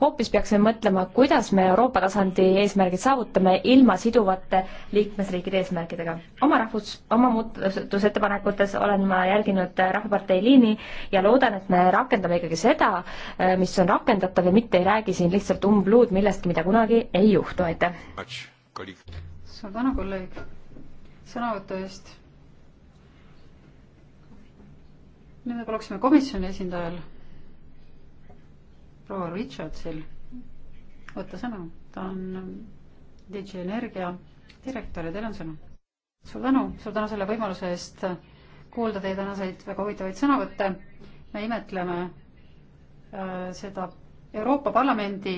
hoopis peaksime mõtlema, kuidas me Euroopa tasandi eesmärgid saavutame ilma siduvate liikmesriikide eesmärkidega. oma rahvus, oma muudatusettepanekutes olen ma järginud eh, Rahvapartei liini ja loodan, et me rakendame ikkagi seda, eh, mis on rakendatav ja mitte ei räägi siin lihtsalt umbluud millestki, mida kunagi ei juhtu, aitäh! teile. suur tänu, kolleeg, sõnavõtu eest. nüüd me paluksime komisjoni esindajal, proua Richardsil, võtta sõna. ta on DJ Energia direktor ja teil on sõna. suur tänu, suur tänu selle võimaluse eest kuulda teie tänaseid väga huvitavaid sõnavõtte. me imetleme äh, seda Euroopa Parlamendi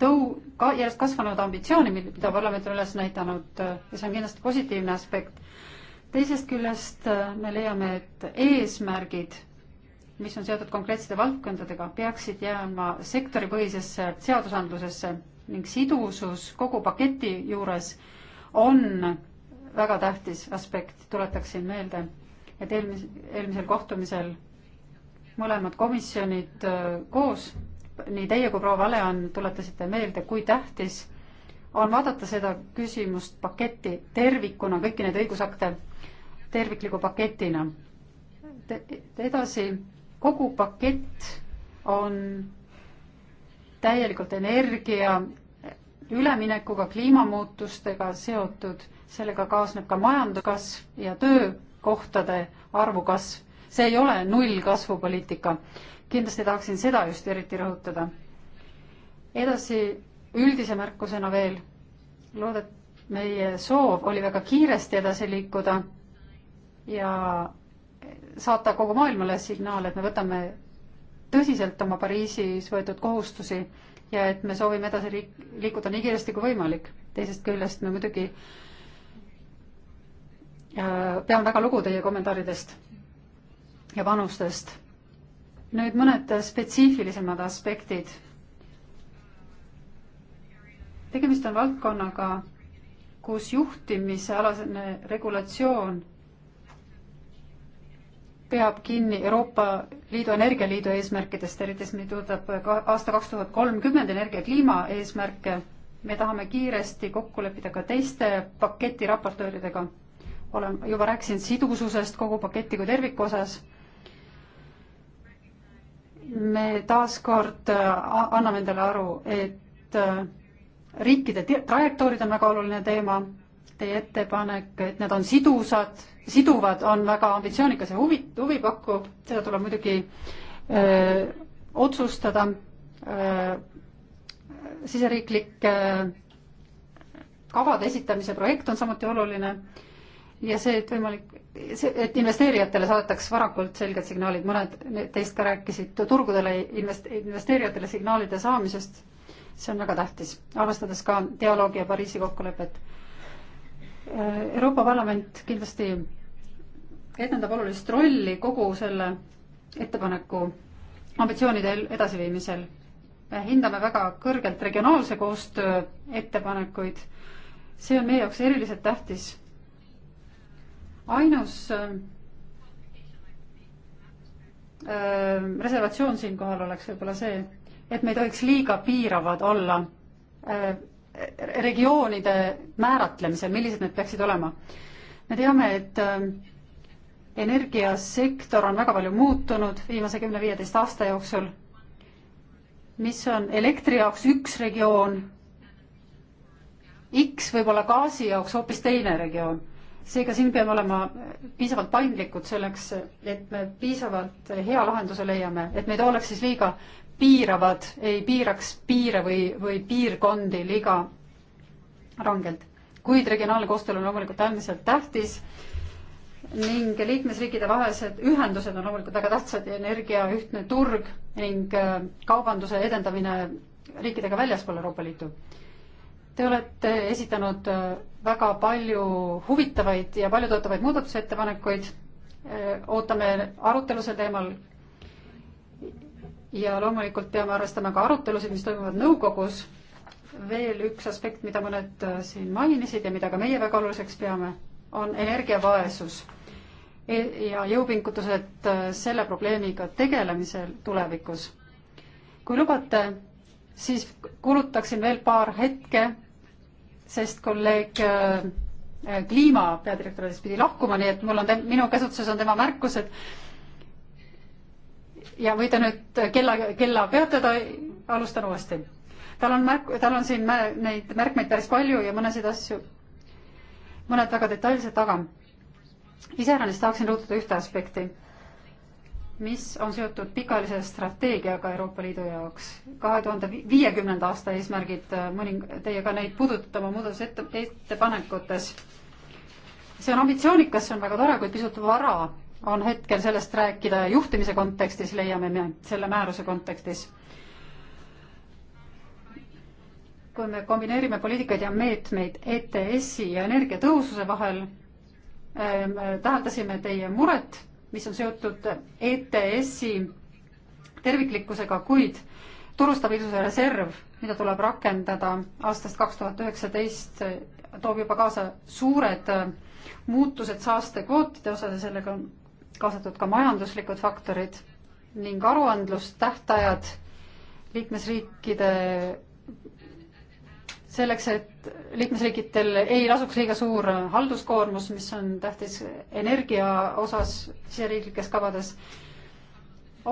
tõu-, ka järjest kasvanud ambitsiooni, mida parlament on üles näidanud ja see on kindlasti positiivne aspekt. teisest küljest me leiame, et eesmärgid, mis on seotud konkreetsete valdkondadega, peaksid jääma sektoripõhisesse seadusandlusesse ning sidusus kogu paketi juures on väga tähtis aspekt, tuletaksin meelde, et eelmis-, eelmisel kohtumisel mõlemad komisjonid äh, koos nii teie kui proua Valean tuletasite meelde, kui tähtis on vaadata seda küsimust paketti tervikuna, kõiki neid õigusakte tervikliku paketina Te,. edasi, kogu pakett on täielikult energia üleminekuga, kliimamuutustega seotud, sellega kaasneb ka majanduskasv ja töökohtade arvu kasv. see ei ole nullkasvupoliitika kindlasti tahaksin seda just eriti rõhutada. edasi üldise märkusena veel, loodet-, meie soov oli väga kiiresti edasi liikuda ja saata kogu maailmale signaal, et me võtame tõsiselt oma Pariisis võetud kohustusi ja et me soovime edasi liik-, liikuda nii kiiresti kui võimalik. teisest küljest me muidugi äh, peame väga lugu teie kommentaaridest ja panustest nüüd mõned spetsiifilisemad aspektid. tegemist on valdkonnaga, kus juhtimisealasene regulatsioon peab kinni Euroopa Liidu Energialiidu eesmärkidest, eriti mis puudutab aasta kaks tuhat kolmkümmend energia kliimaeesmärke. me tahame kiiresti kokku leppida ka teiste paketi raportööridega. olen, juba rääkisin sidususest kogu paketi kui terviku osas me taaskord äh, anname endale aru, et äh, riikide trajektoorid on väga oluline teema. Teie ettepanek, et need on sidusad, siduvad, on väga ambitsioonikas ja huvi, huvipakkuv, seda tuleb muidugi öö, äh, otsustada öö, siseriiklike kavade esitamise projekt on samuti oluline ja see, et võimalik, see, et investeerijatele saadetaks varakult selged signaalid, mõned teist ka rääkisid turgudele invest-, investeerijatele signaalide saamisest, see on väga tähtis, arvestades ka dialoogi ja Pariisi kokkulepet. Äh, Euroopa Parlament kindlasti etendab olulist rolli kogu selle ettepaneku ambitsioonide edasiviimisel. hindame väga kõrgelt regionaalse koostöö ettepanekuid, see on meie jaoks eriliselt tähtis ainus äh, reservatsioon siinkohal oleks võib-olla see, et me ei tohiks liiga piiravad olla äh, regioonide määratlemisel, millised need peaksid olema. me teame, et äh, energiasektor on väga palju muutunud viimase kümne-viieteist aasta jooksul, mis on elektri jaoks üks regioon, X võib-olla gaasi jaoks hoopis teine regioon seega siin peame olema piisavalt paindlikud selleks, et me piisavalt hea lahenduse leiame, et meid oleks siis liiga piiravad, ei piiraks piire või, või piirkondi liiga rangelt. kuid regionaalkoostööl on loomulikult äärmiselt tähtis ning liikmesriikide vahelised ühendused on loomulikult väga tähtsad ja energia ühtne turg ning äh, kaubanduse edendamine riikidega väljaspool Euroopa Liitu Te olete esitanud äh, väga palju huvitavaid ja paljutõotavaid muudatusettepanekuid. Äh, ootame arutelu sel teemal. ja loomulikult peame arvestama ka arutelusid, mis toimuvad nõukogus. veel üks aspekt, mida mõned äh, siin mainisid ja mida ka meie väga oluliseks peame, on energiavaesus e, ja jõupingutused selle probleemiga tegelemisel tulevikus. kui lubate, siis kulutaksin veel paar hetke sest kolleeg äh, kliima peadirektoris pidi lahkuma, nii et mul on, minu käsutuses on tema märkused. ja võite nüüd kella, kella peatada, alustan uuesti. tal on märk, tal on siin mä, neid märkmeid päris palju ja mõnesid asju, mõned väga detailsed, aga iseäranis tahaksin rõhutada ühte aspekti mis on seotud pikaajalise strateegiaga Euroopa Liidu jaoks. kahe tuhande viiekümnenda aasta eesmärgid, äh, mõning-, teie ka neid puudutate oma muudatusette-, ettepanekutes. see on ambitsioonikas, see on väga tore, kuid pisut vara on hetkel sellest rääkida ja juhtimise kontekstis leiame me selle määruse kontekstis kui me kombineerime poliitikaid ja meetmeid ETS-i ja energiatõhususe vahel ähm,, täheldasime teie muret mis on seotud ETS-i terviklikkusega, kuid turustabiilsuse reserv, mida tuleb rakendada aastast kaks tuhat üheksateist, toob juba kaasa suured muutused saastekvootide osas ja sellega on kaasatud ka majanduslikud faktorid ning aruandlustähtajad liikmesriikide selleks, et liikmesriikidel ei lasuks liiga suur halduskoormus, mis on tähtis energia osas siseriiklikes kavades,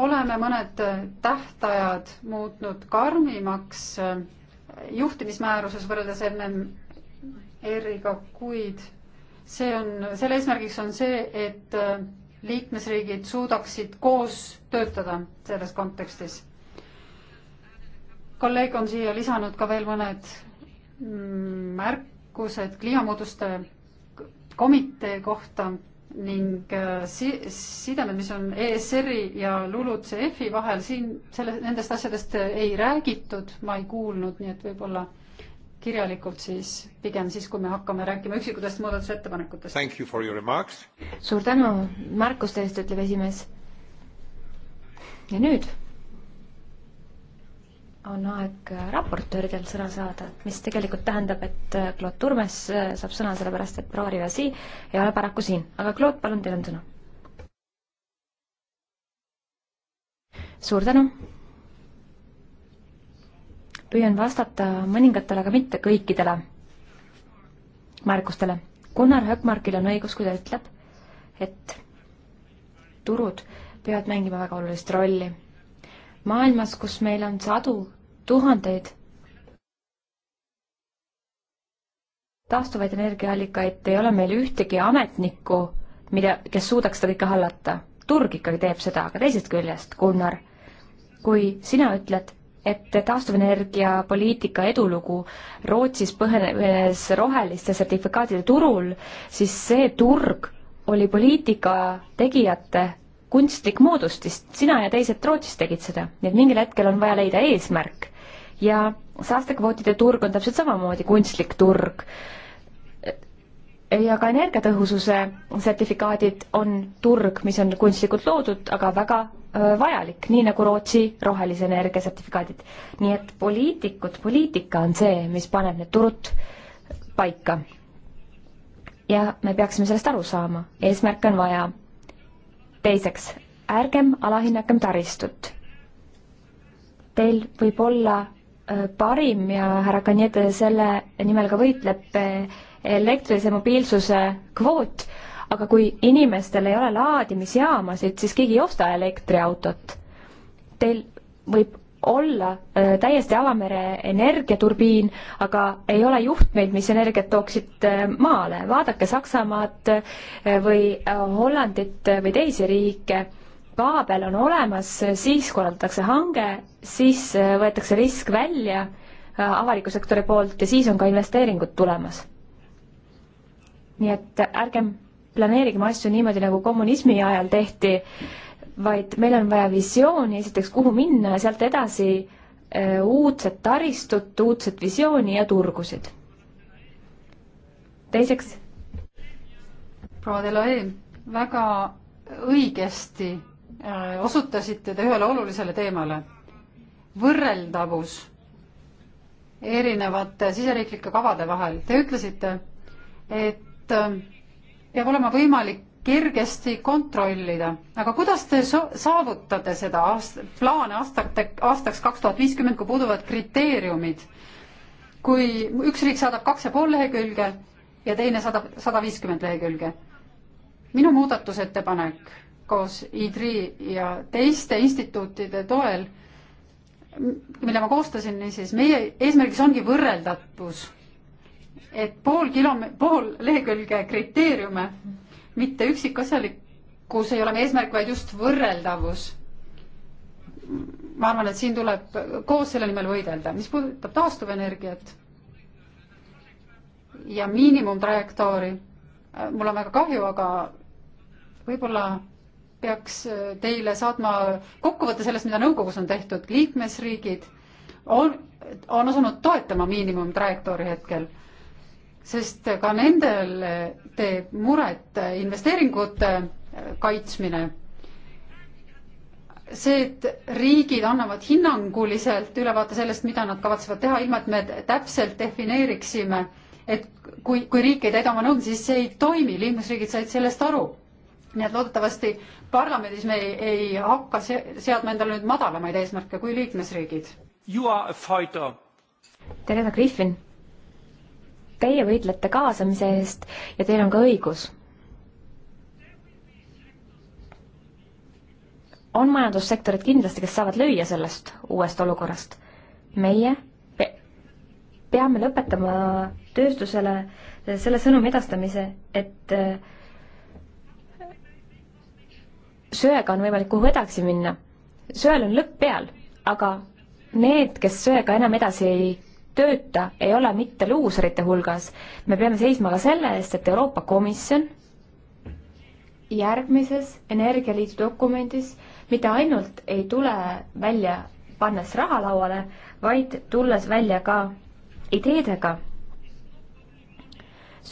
oleme mõned tähtajad muutnud karmimaks eh, juhtimismääruses võrreldes MMR-iga, kuid see on, selle eesmärgiks on see, et eh, liikmesriigid suudaksid koos töötada selles kontekstis. kolleeg on siia lisanud ka veel mõned märkused kliimamuutuste komitee kohta ning äh, si-, sidemed, mis on ESR-i ja LULUCF-i vahel, siin selle, nendest asjadest äh, ei räägitud, ma ei kuulnud, nii et võib-olla kirjalikult siis, pigem siis, kui me hakkame rääkima üksikutest muudatusettepanekutest. suur tänu märkuste eest, ütleb esimees. ja nüüd on aeg raportööridel sõna saada, mis tegelikult tähendab, et Claude Turmes saab sõna, sellepärast et proua Rivasi ei ole paraku siin. aga Claude, palun, teil on sõna. suur tänu. püüan vastata mõningatele, aga mitte kõikidele märkustele. Gunnar Höökmarkil on õigus, kui ta ütleb, et turud peavad mängima väga olulist rolli maailmas, kus meil on sadu tuhandeid taastuvaid energiaallikaid, ei ole meil ühtegi ametnikku, mida, kes suudaks seda kõike hallata. turg ikkagi teeb seda, aga teisest küljest, Gunnar, kui sina ütled, et taastuvenergia poliitika edulugu Rootsis põhenes roheliste sertifikaatide turul, siis see turg oli poliitika tegijate kunstlik moodustis, sina ja teised Rootsis tegid seda, nii et mingil hetkel on vaja leida eesmärk. ja saastekvootide turg on täpselt samamoodi kunstlik turg. ja ka energiatõhususe sertifikaadid on turg, mis on kunstlikult loodud, aga väga vajalik, nii nagu Rootsi rohelise energia sertifikaadid. nii et poliitikud, poliitika on see, mis paneb need turud paika ja me peaksime sellest aru saama, eesmärke on vaja teiseks, ärgem alahinnakem taristut. Teil võib olla äh, parim ja härra Kanjete selle nimel ka võitleb äh, elektrilise mobiilsuse kvoot, aga kui inimestel ei ole laadimisjaamasid, siis keegi ei osta elektriautot. Teil võib olla äh, täiesti avamere energiaturbiin, aga ei ole juhtmeid, mis energiat tooksid äh, maale. vaadake Saksamaad äh, või Hollandit või teisi riike, kaabel on olemas, siis korraldatakse hange, siis võetakse risk välja avaliku sektori poolt ja siis on ka investeeringud tulemas. nii et ärgem planeerigem asju niimoodi, nagu kommunismi ajal tehti vaid meil on vaja visiooni esiteks, kuhu minna ja sealt edasi äh, uudset taristut, uudset visiooni ja turgusid. teiseks. proua Deloe, väga õigesti äh, osutasite te ühele olulisele teemale. võrreldavus erinevate siseriiklike kavade vahel. Te ütlesite, et äh, peab olema võimalik kergesti kontrollida. aga kuidas te so saavutate seda aast plaane aastate, aastaks kaks tuhat viiskümmend, kui puuduvad kriteeriumid? kui üks riik saadab kaks ja pool lehekülge ja teine saadab sada viiskümmend lehekülge. minu muudatusettepanek koos IDRI ja teiste instituutide toel, mille ma koostasin, niisiis meie eesmärgiks ongi võrreldatus, et pool kilome-, pool lehekülge kriteeriume mitte üksikasjalikkus ei ole meie eesmärk, vaid just võrreldavus. ma arvan, et siin tuleb koos selle nimel võidelda. mis puudutab taastuvenergiat ja miinimumtrajektoori, mul on väga kahju, aga võib-olla peaks teile saatma kokkuvõtte sellest, mida nõukogus on tehtud, liikmesriigid on, on asunud toetama miinimumtrajektoori hetkel sest ka nendel teeb muret investeeringute kaitsmine. see, et riigid annavad hinnanguliselt ülevaate sellest, mida nad kavatsevad teha, ilma et me täpselt defineeriksime, et kui, kui riik ei täida oma nõudmisi, siis see ei toimi, liikmesriigid said sellest aru. nii et loodetavasti parlamendis me ei, ei hakka se seadma endale nüüd madalamaid eesmärke kui liikmesriigid. Teresa Griffin Teie võitlete kaasamise eest ja teil on ka õigus. on majandussektorid kindlasti, kes saavad lüüa sellest uuest olukorrast. meie pe peame lõpetama tööstusele selle sõnumi edastamise, et äh, söega on võimalik kuhu edasi minna. söel on lõpp peal, aga need, kes söega enam edasi ei tööta, ei ole mitte luusrite hulgas. me peame seisma ka selle eest, et Euroopa Komisjon järgmises Energialiidu dokumendis mitte ainult ei tule välja, pannes raha lauale, vaid tulles välja ka ideedega.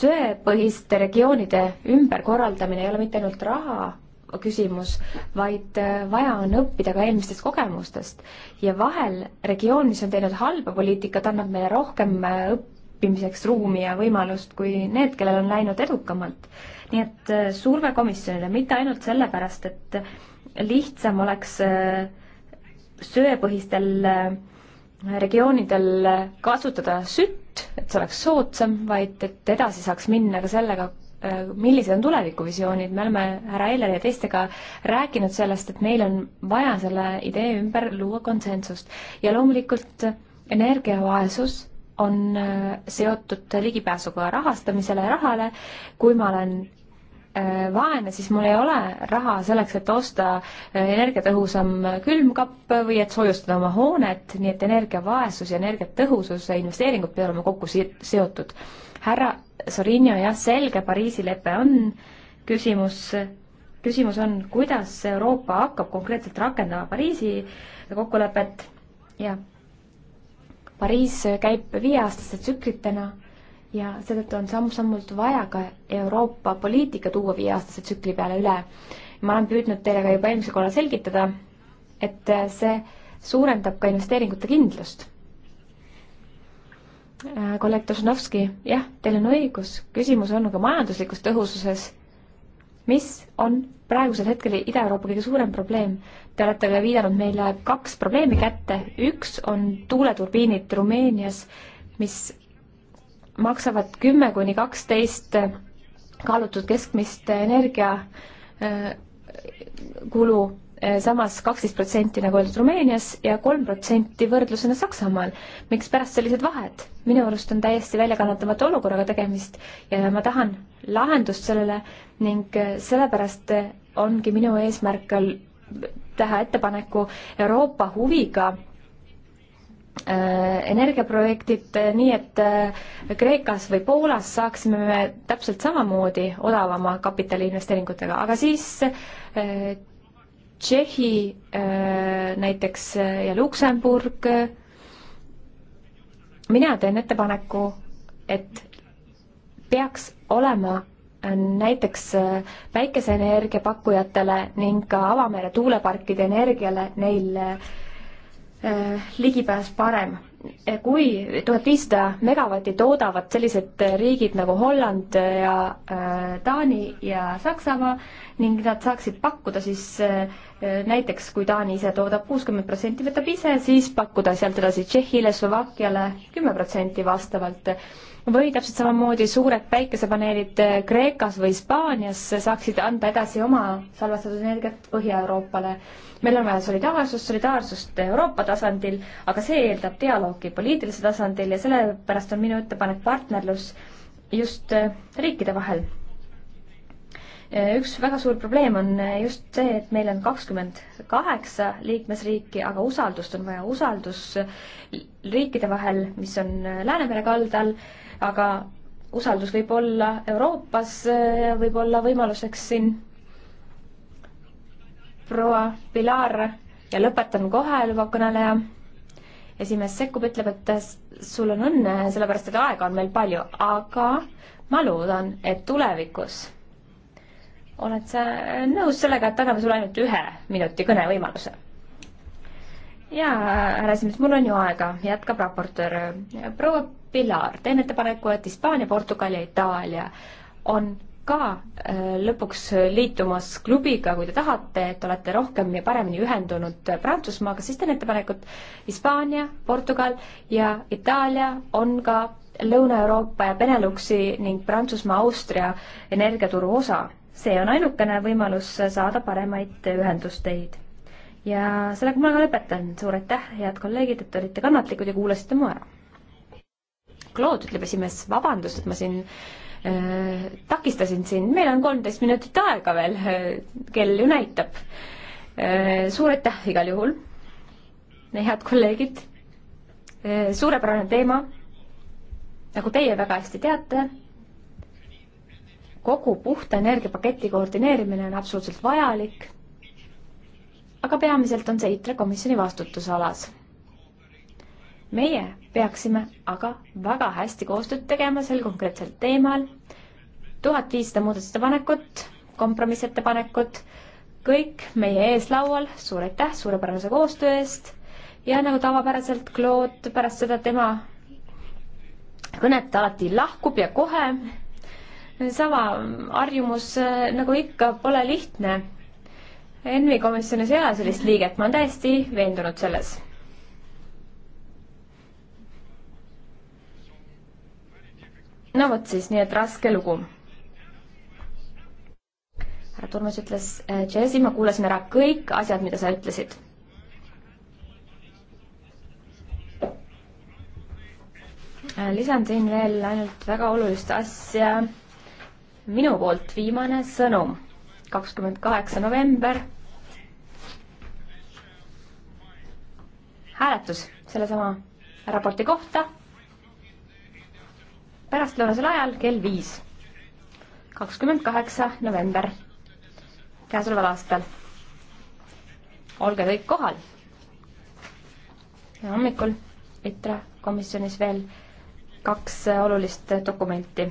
söepõhiste regioonide ümberkorraldamine ei ole mitte ainult raha küsimus, vaid äh, vaja on õppida ka eelmistest kogemustest. ja vahel regioon, mis on teinud halba poliitikat, annab meile rohkem äh, õppimiseks ruumi ja võimalust kui need, kellel on läinud edukamalt. nii et äh, surve komisjonile, mitte ainult sellepärast, et lihtsam oleks söepõhistel regioonidel kasutada sütt, et see oleks soodsam, vaid et edasi saaks minna ka sellega, Äh, millised on tulevikuvisioonid, me oleme härra Eileri ja teistega rääkinud sellest, et meil on vaja selle idee ümber luua konsensust. ja loomulikult energiavaesus on äh, seotud ligipääsuga rahastamisele ja rahale, kui ma olen Äh, vaene, siis mul ei ole raha selleks, et osta äh, energiatõhusam külmkapp või et soojustada oma hoonet, nii et energiavaesus ja energiatõhususe investeeringud peavad olema kokku si seotud. härra Sorinio, jah, selge, Pariisi lepe on küsimus, küsimus on, kuidas Euroopa hakkab konkreetselt rakendama Pariisi kokkulepet ja Pariis käib viieaastaste tsüklitena ja seetõttu on samm-sammult vaja ka Euroopa poliitika tuua viieaastase tsükli peale üle. ma olen püüdnud teile ka juba eelmisel korral selgitada, et see suurendab ka investeeringute kindlust. Äh, kolleeg Tošnovski, jah, teil on õigus, küsimus on ka majanduslikus tõhususes, mis on praegusel hetkel Ida-Euroopa kõige suurem probleem. Te olete ka viidanud meile kaks probleemi kätte, üks on tuuleturbiinid Rumeenias, mis maksavad kümme kuni kaksteist kaalutud keskmist energia äh, kulu äh, samas kaksteist protsenti, nagu öeldud, Rumeenias ja kolm protsenti võrdlusena Saksamaal. mikspärast sellised vahed? minu arust on täiesti väljakannatamatu olukorraga tegemist ja ma tahan lahendust sellele ning äh, sellepärast ongi minu eesmärk teha ettepaneku Euroopa huviga Äh, energiaprojektid, äh, nii et äh, Kreekas või Poolas saaksime me täpselt samamoodi odavama kapitaliinvesteeringutega, aga siis Tšehhi näiteks ja Luksemburg. mina teen ettepaneku, et peaks olema näiteks päikeseenergia pakkujatele ning ka avamere tuuleparkide energiale neil äh, Äh, ligipääs parem. Äh, kui tuhat viissada megavatti toodavad sellised riigid nagu Holland ja äh, Taani ja Saksamaa, ning nad saaksid pakkuda siis eh, näiteks, kui Taani ise toodab kuuskümmend protsenti, võtab ise, siis pakkuda sealt edasi Tšehhile, Slovakkiale kümme protsenti vastavalt. või täpselt samamoodi suured päikesepaneelid eh, Kreekas või Hispaanias saaksid anda edasi oma salvestatud energiat Põhja-Euroopale. meil on vaja solidaarsust, solidaarsust Euroopa tasandil, aga see eeldab dialoogi poliitilisel tasandil ja sellepärast on minu ettepanek partnerlus just eh, riikide vahel Äh, üks väga suur probleem on äh, just see, et meil on kakskümmend kaheksa liikmesriiki, aga usaldust on vaja, usaldus riikide vahel, mis on äh, Läänemere kaldal, aga usaldus võib olla Euroopas, võib olla võimaluseks siin proua Pilar ja lõpetan kohe, lubab kõneleja. esimees sekkub, ütleb, et sul on õnne, sellepärast et aega on meil palju, aga ma loodan, et tulevikus oled sa nõus sellega, et anname sulle ainult ühe minuti kõnevõimaluse? jaa, härra esimees, mul on ju aega, jätkab raportöör. proua Pilar, teen ettepaneku, et Hispaania, Portugal ja Itaalia on ka äh, lõpuks liitumas klubiga, kui te tahate, et olete rohkem ja paremini ühendunud Prantsusmaaga, siis teen ettepanekut. Hispaania, Portugal ja Itaalia on ka Lõuna-Euroopa ja Beneluxi ning Prantsusmaa, Austria energiaturu osa see on ainukene võimalus saada paremaid ühendusteid. ja sellega ma ka lõpetan, suur aitäh, head kolleegid, et olite kannatlikud ja kuulasite mu ära. Claude ütleb esimees, vabandust, et ma siin äh, takistasin sind, meil on kolmteist minutit aega veel, äh, kell ju näitab äh,. suur aitäh igal juhul, head kolleegid äh,, suurepärane teema, nagu teie väga hästi teate kogu puhta energiapaketi koordineerimine on absoluutselt vajalik, aga peamiselt on see ITRE komisjoni vastutusalas. meie peaksime aga väga hästi koostööd tegema sel konkreetsel teemal, tuhat viissada muudatusettepanekut, kompromissettepanekut, kõik meie ees laual, suur aitäh suurepärase koostöö eest ja nagu tavapäraselt, Claude pärast seda tema kõnet alati lahkub ja kohe sama harjumus äh, nagu ikka pole lihtne. ENVI komisjonis ei ole sellist liiget, ma olen täiesti veendunud selles. no vot siis, nii et raske lugu härra Turmas ütles, äh, Jesse, ma kuulasin ära kõik asjad, mida sa ütlesid. Äh, lisan siin veel ainult väga olulist asja minu poolt viimane sõnum. kakskümmend kaheksa november. hääletus sellesama raporti kohta pärastlõunasel ajal kell viis, kakskümmend kaheksa november käesoleval aastal. olge kõik kohal. ja hommikul ITRA komisjonis veel kaks olulist dokumenti.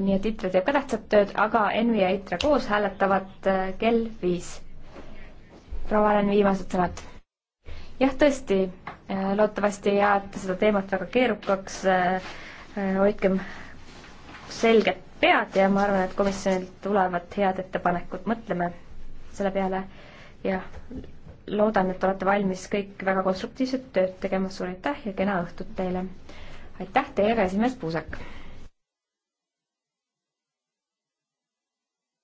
nii et ITRE teeb ka tähtsat tööd, aga ENVI ja ITRE koos hääletavad äh, kell viis. proua Alen, viimased sõnad. jah, tõesti, äh, loodetavasti ei aeta seda teemat väga keerukaks, äh, hoidkem selget pead ja ma arvan, et komisjonilt tulevad head ettepanekud, mõtleme selle peale ja loodan, et olete valmis kõik väga konstruktiivset tööd tegema, suur aitäh ja kena õhtut teile! aitäh teile, esimees Puusak!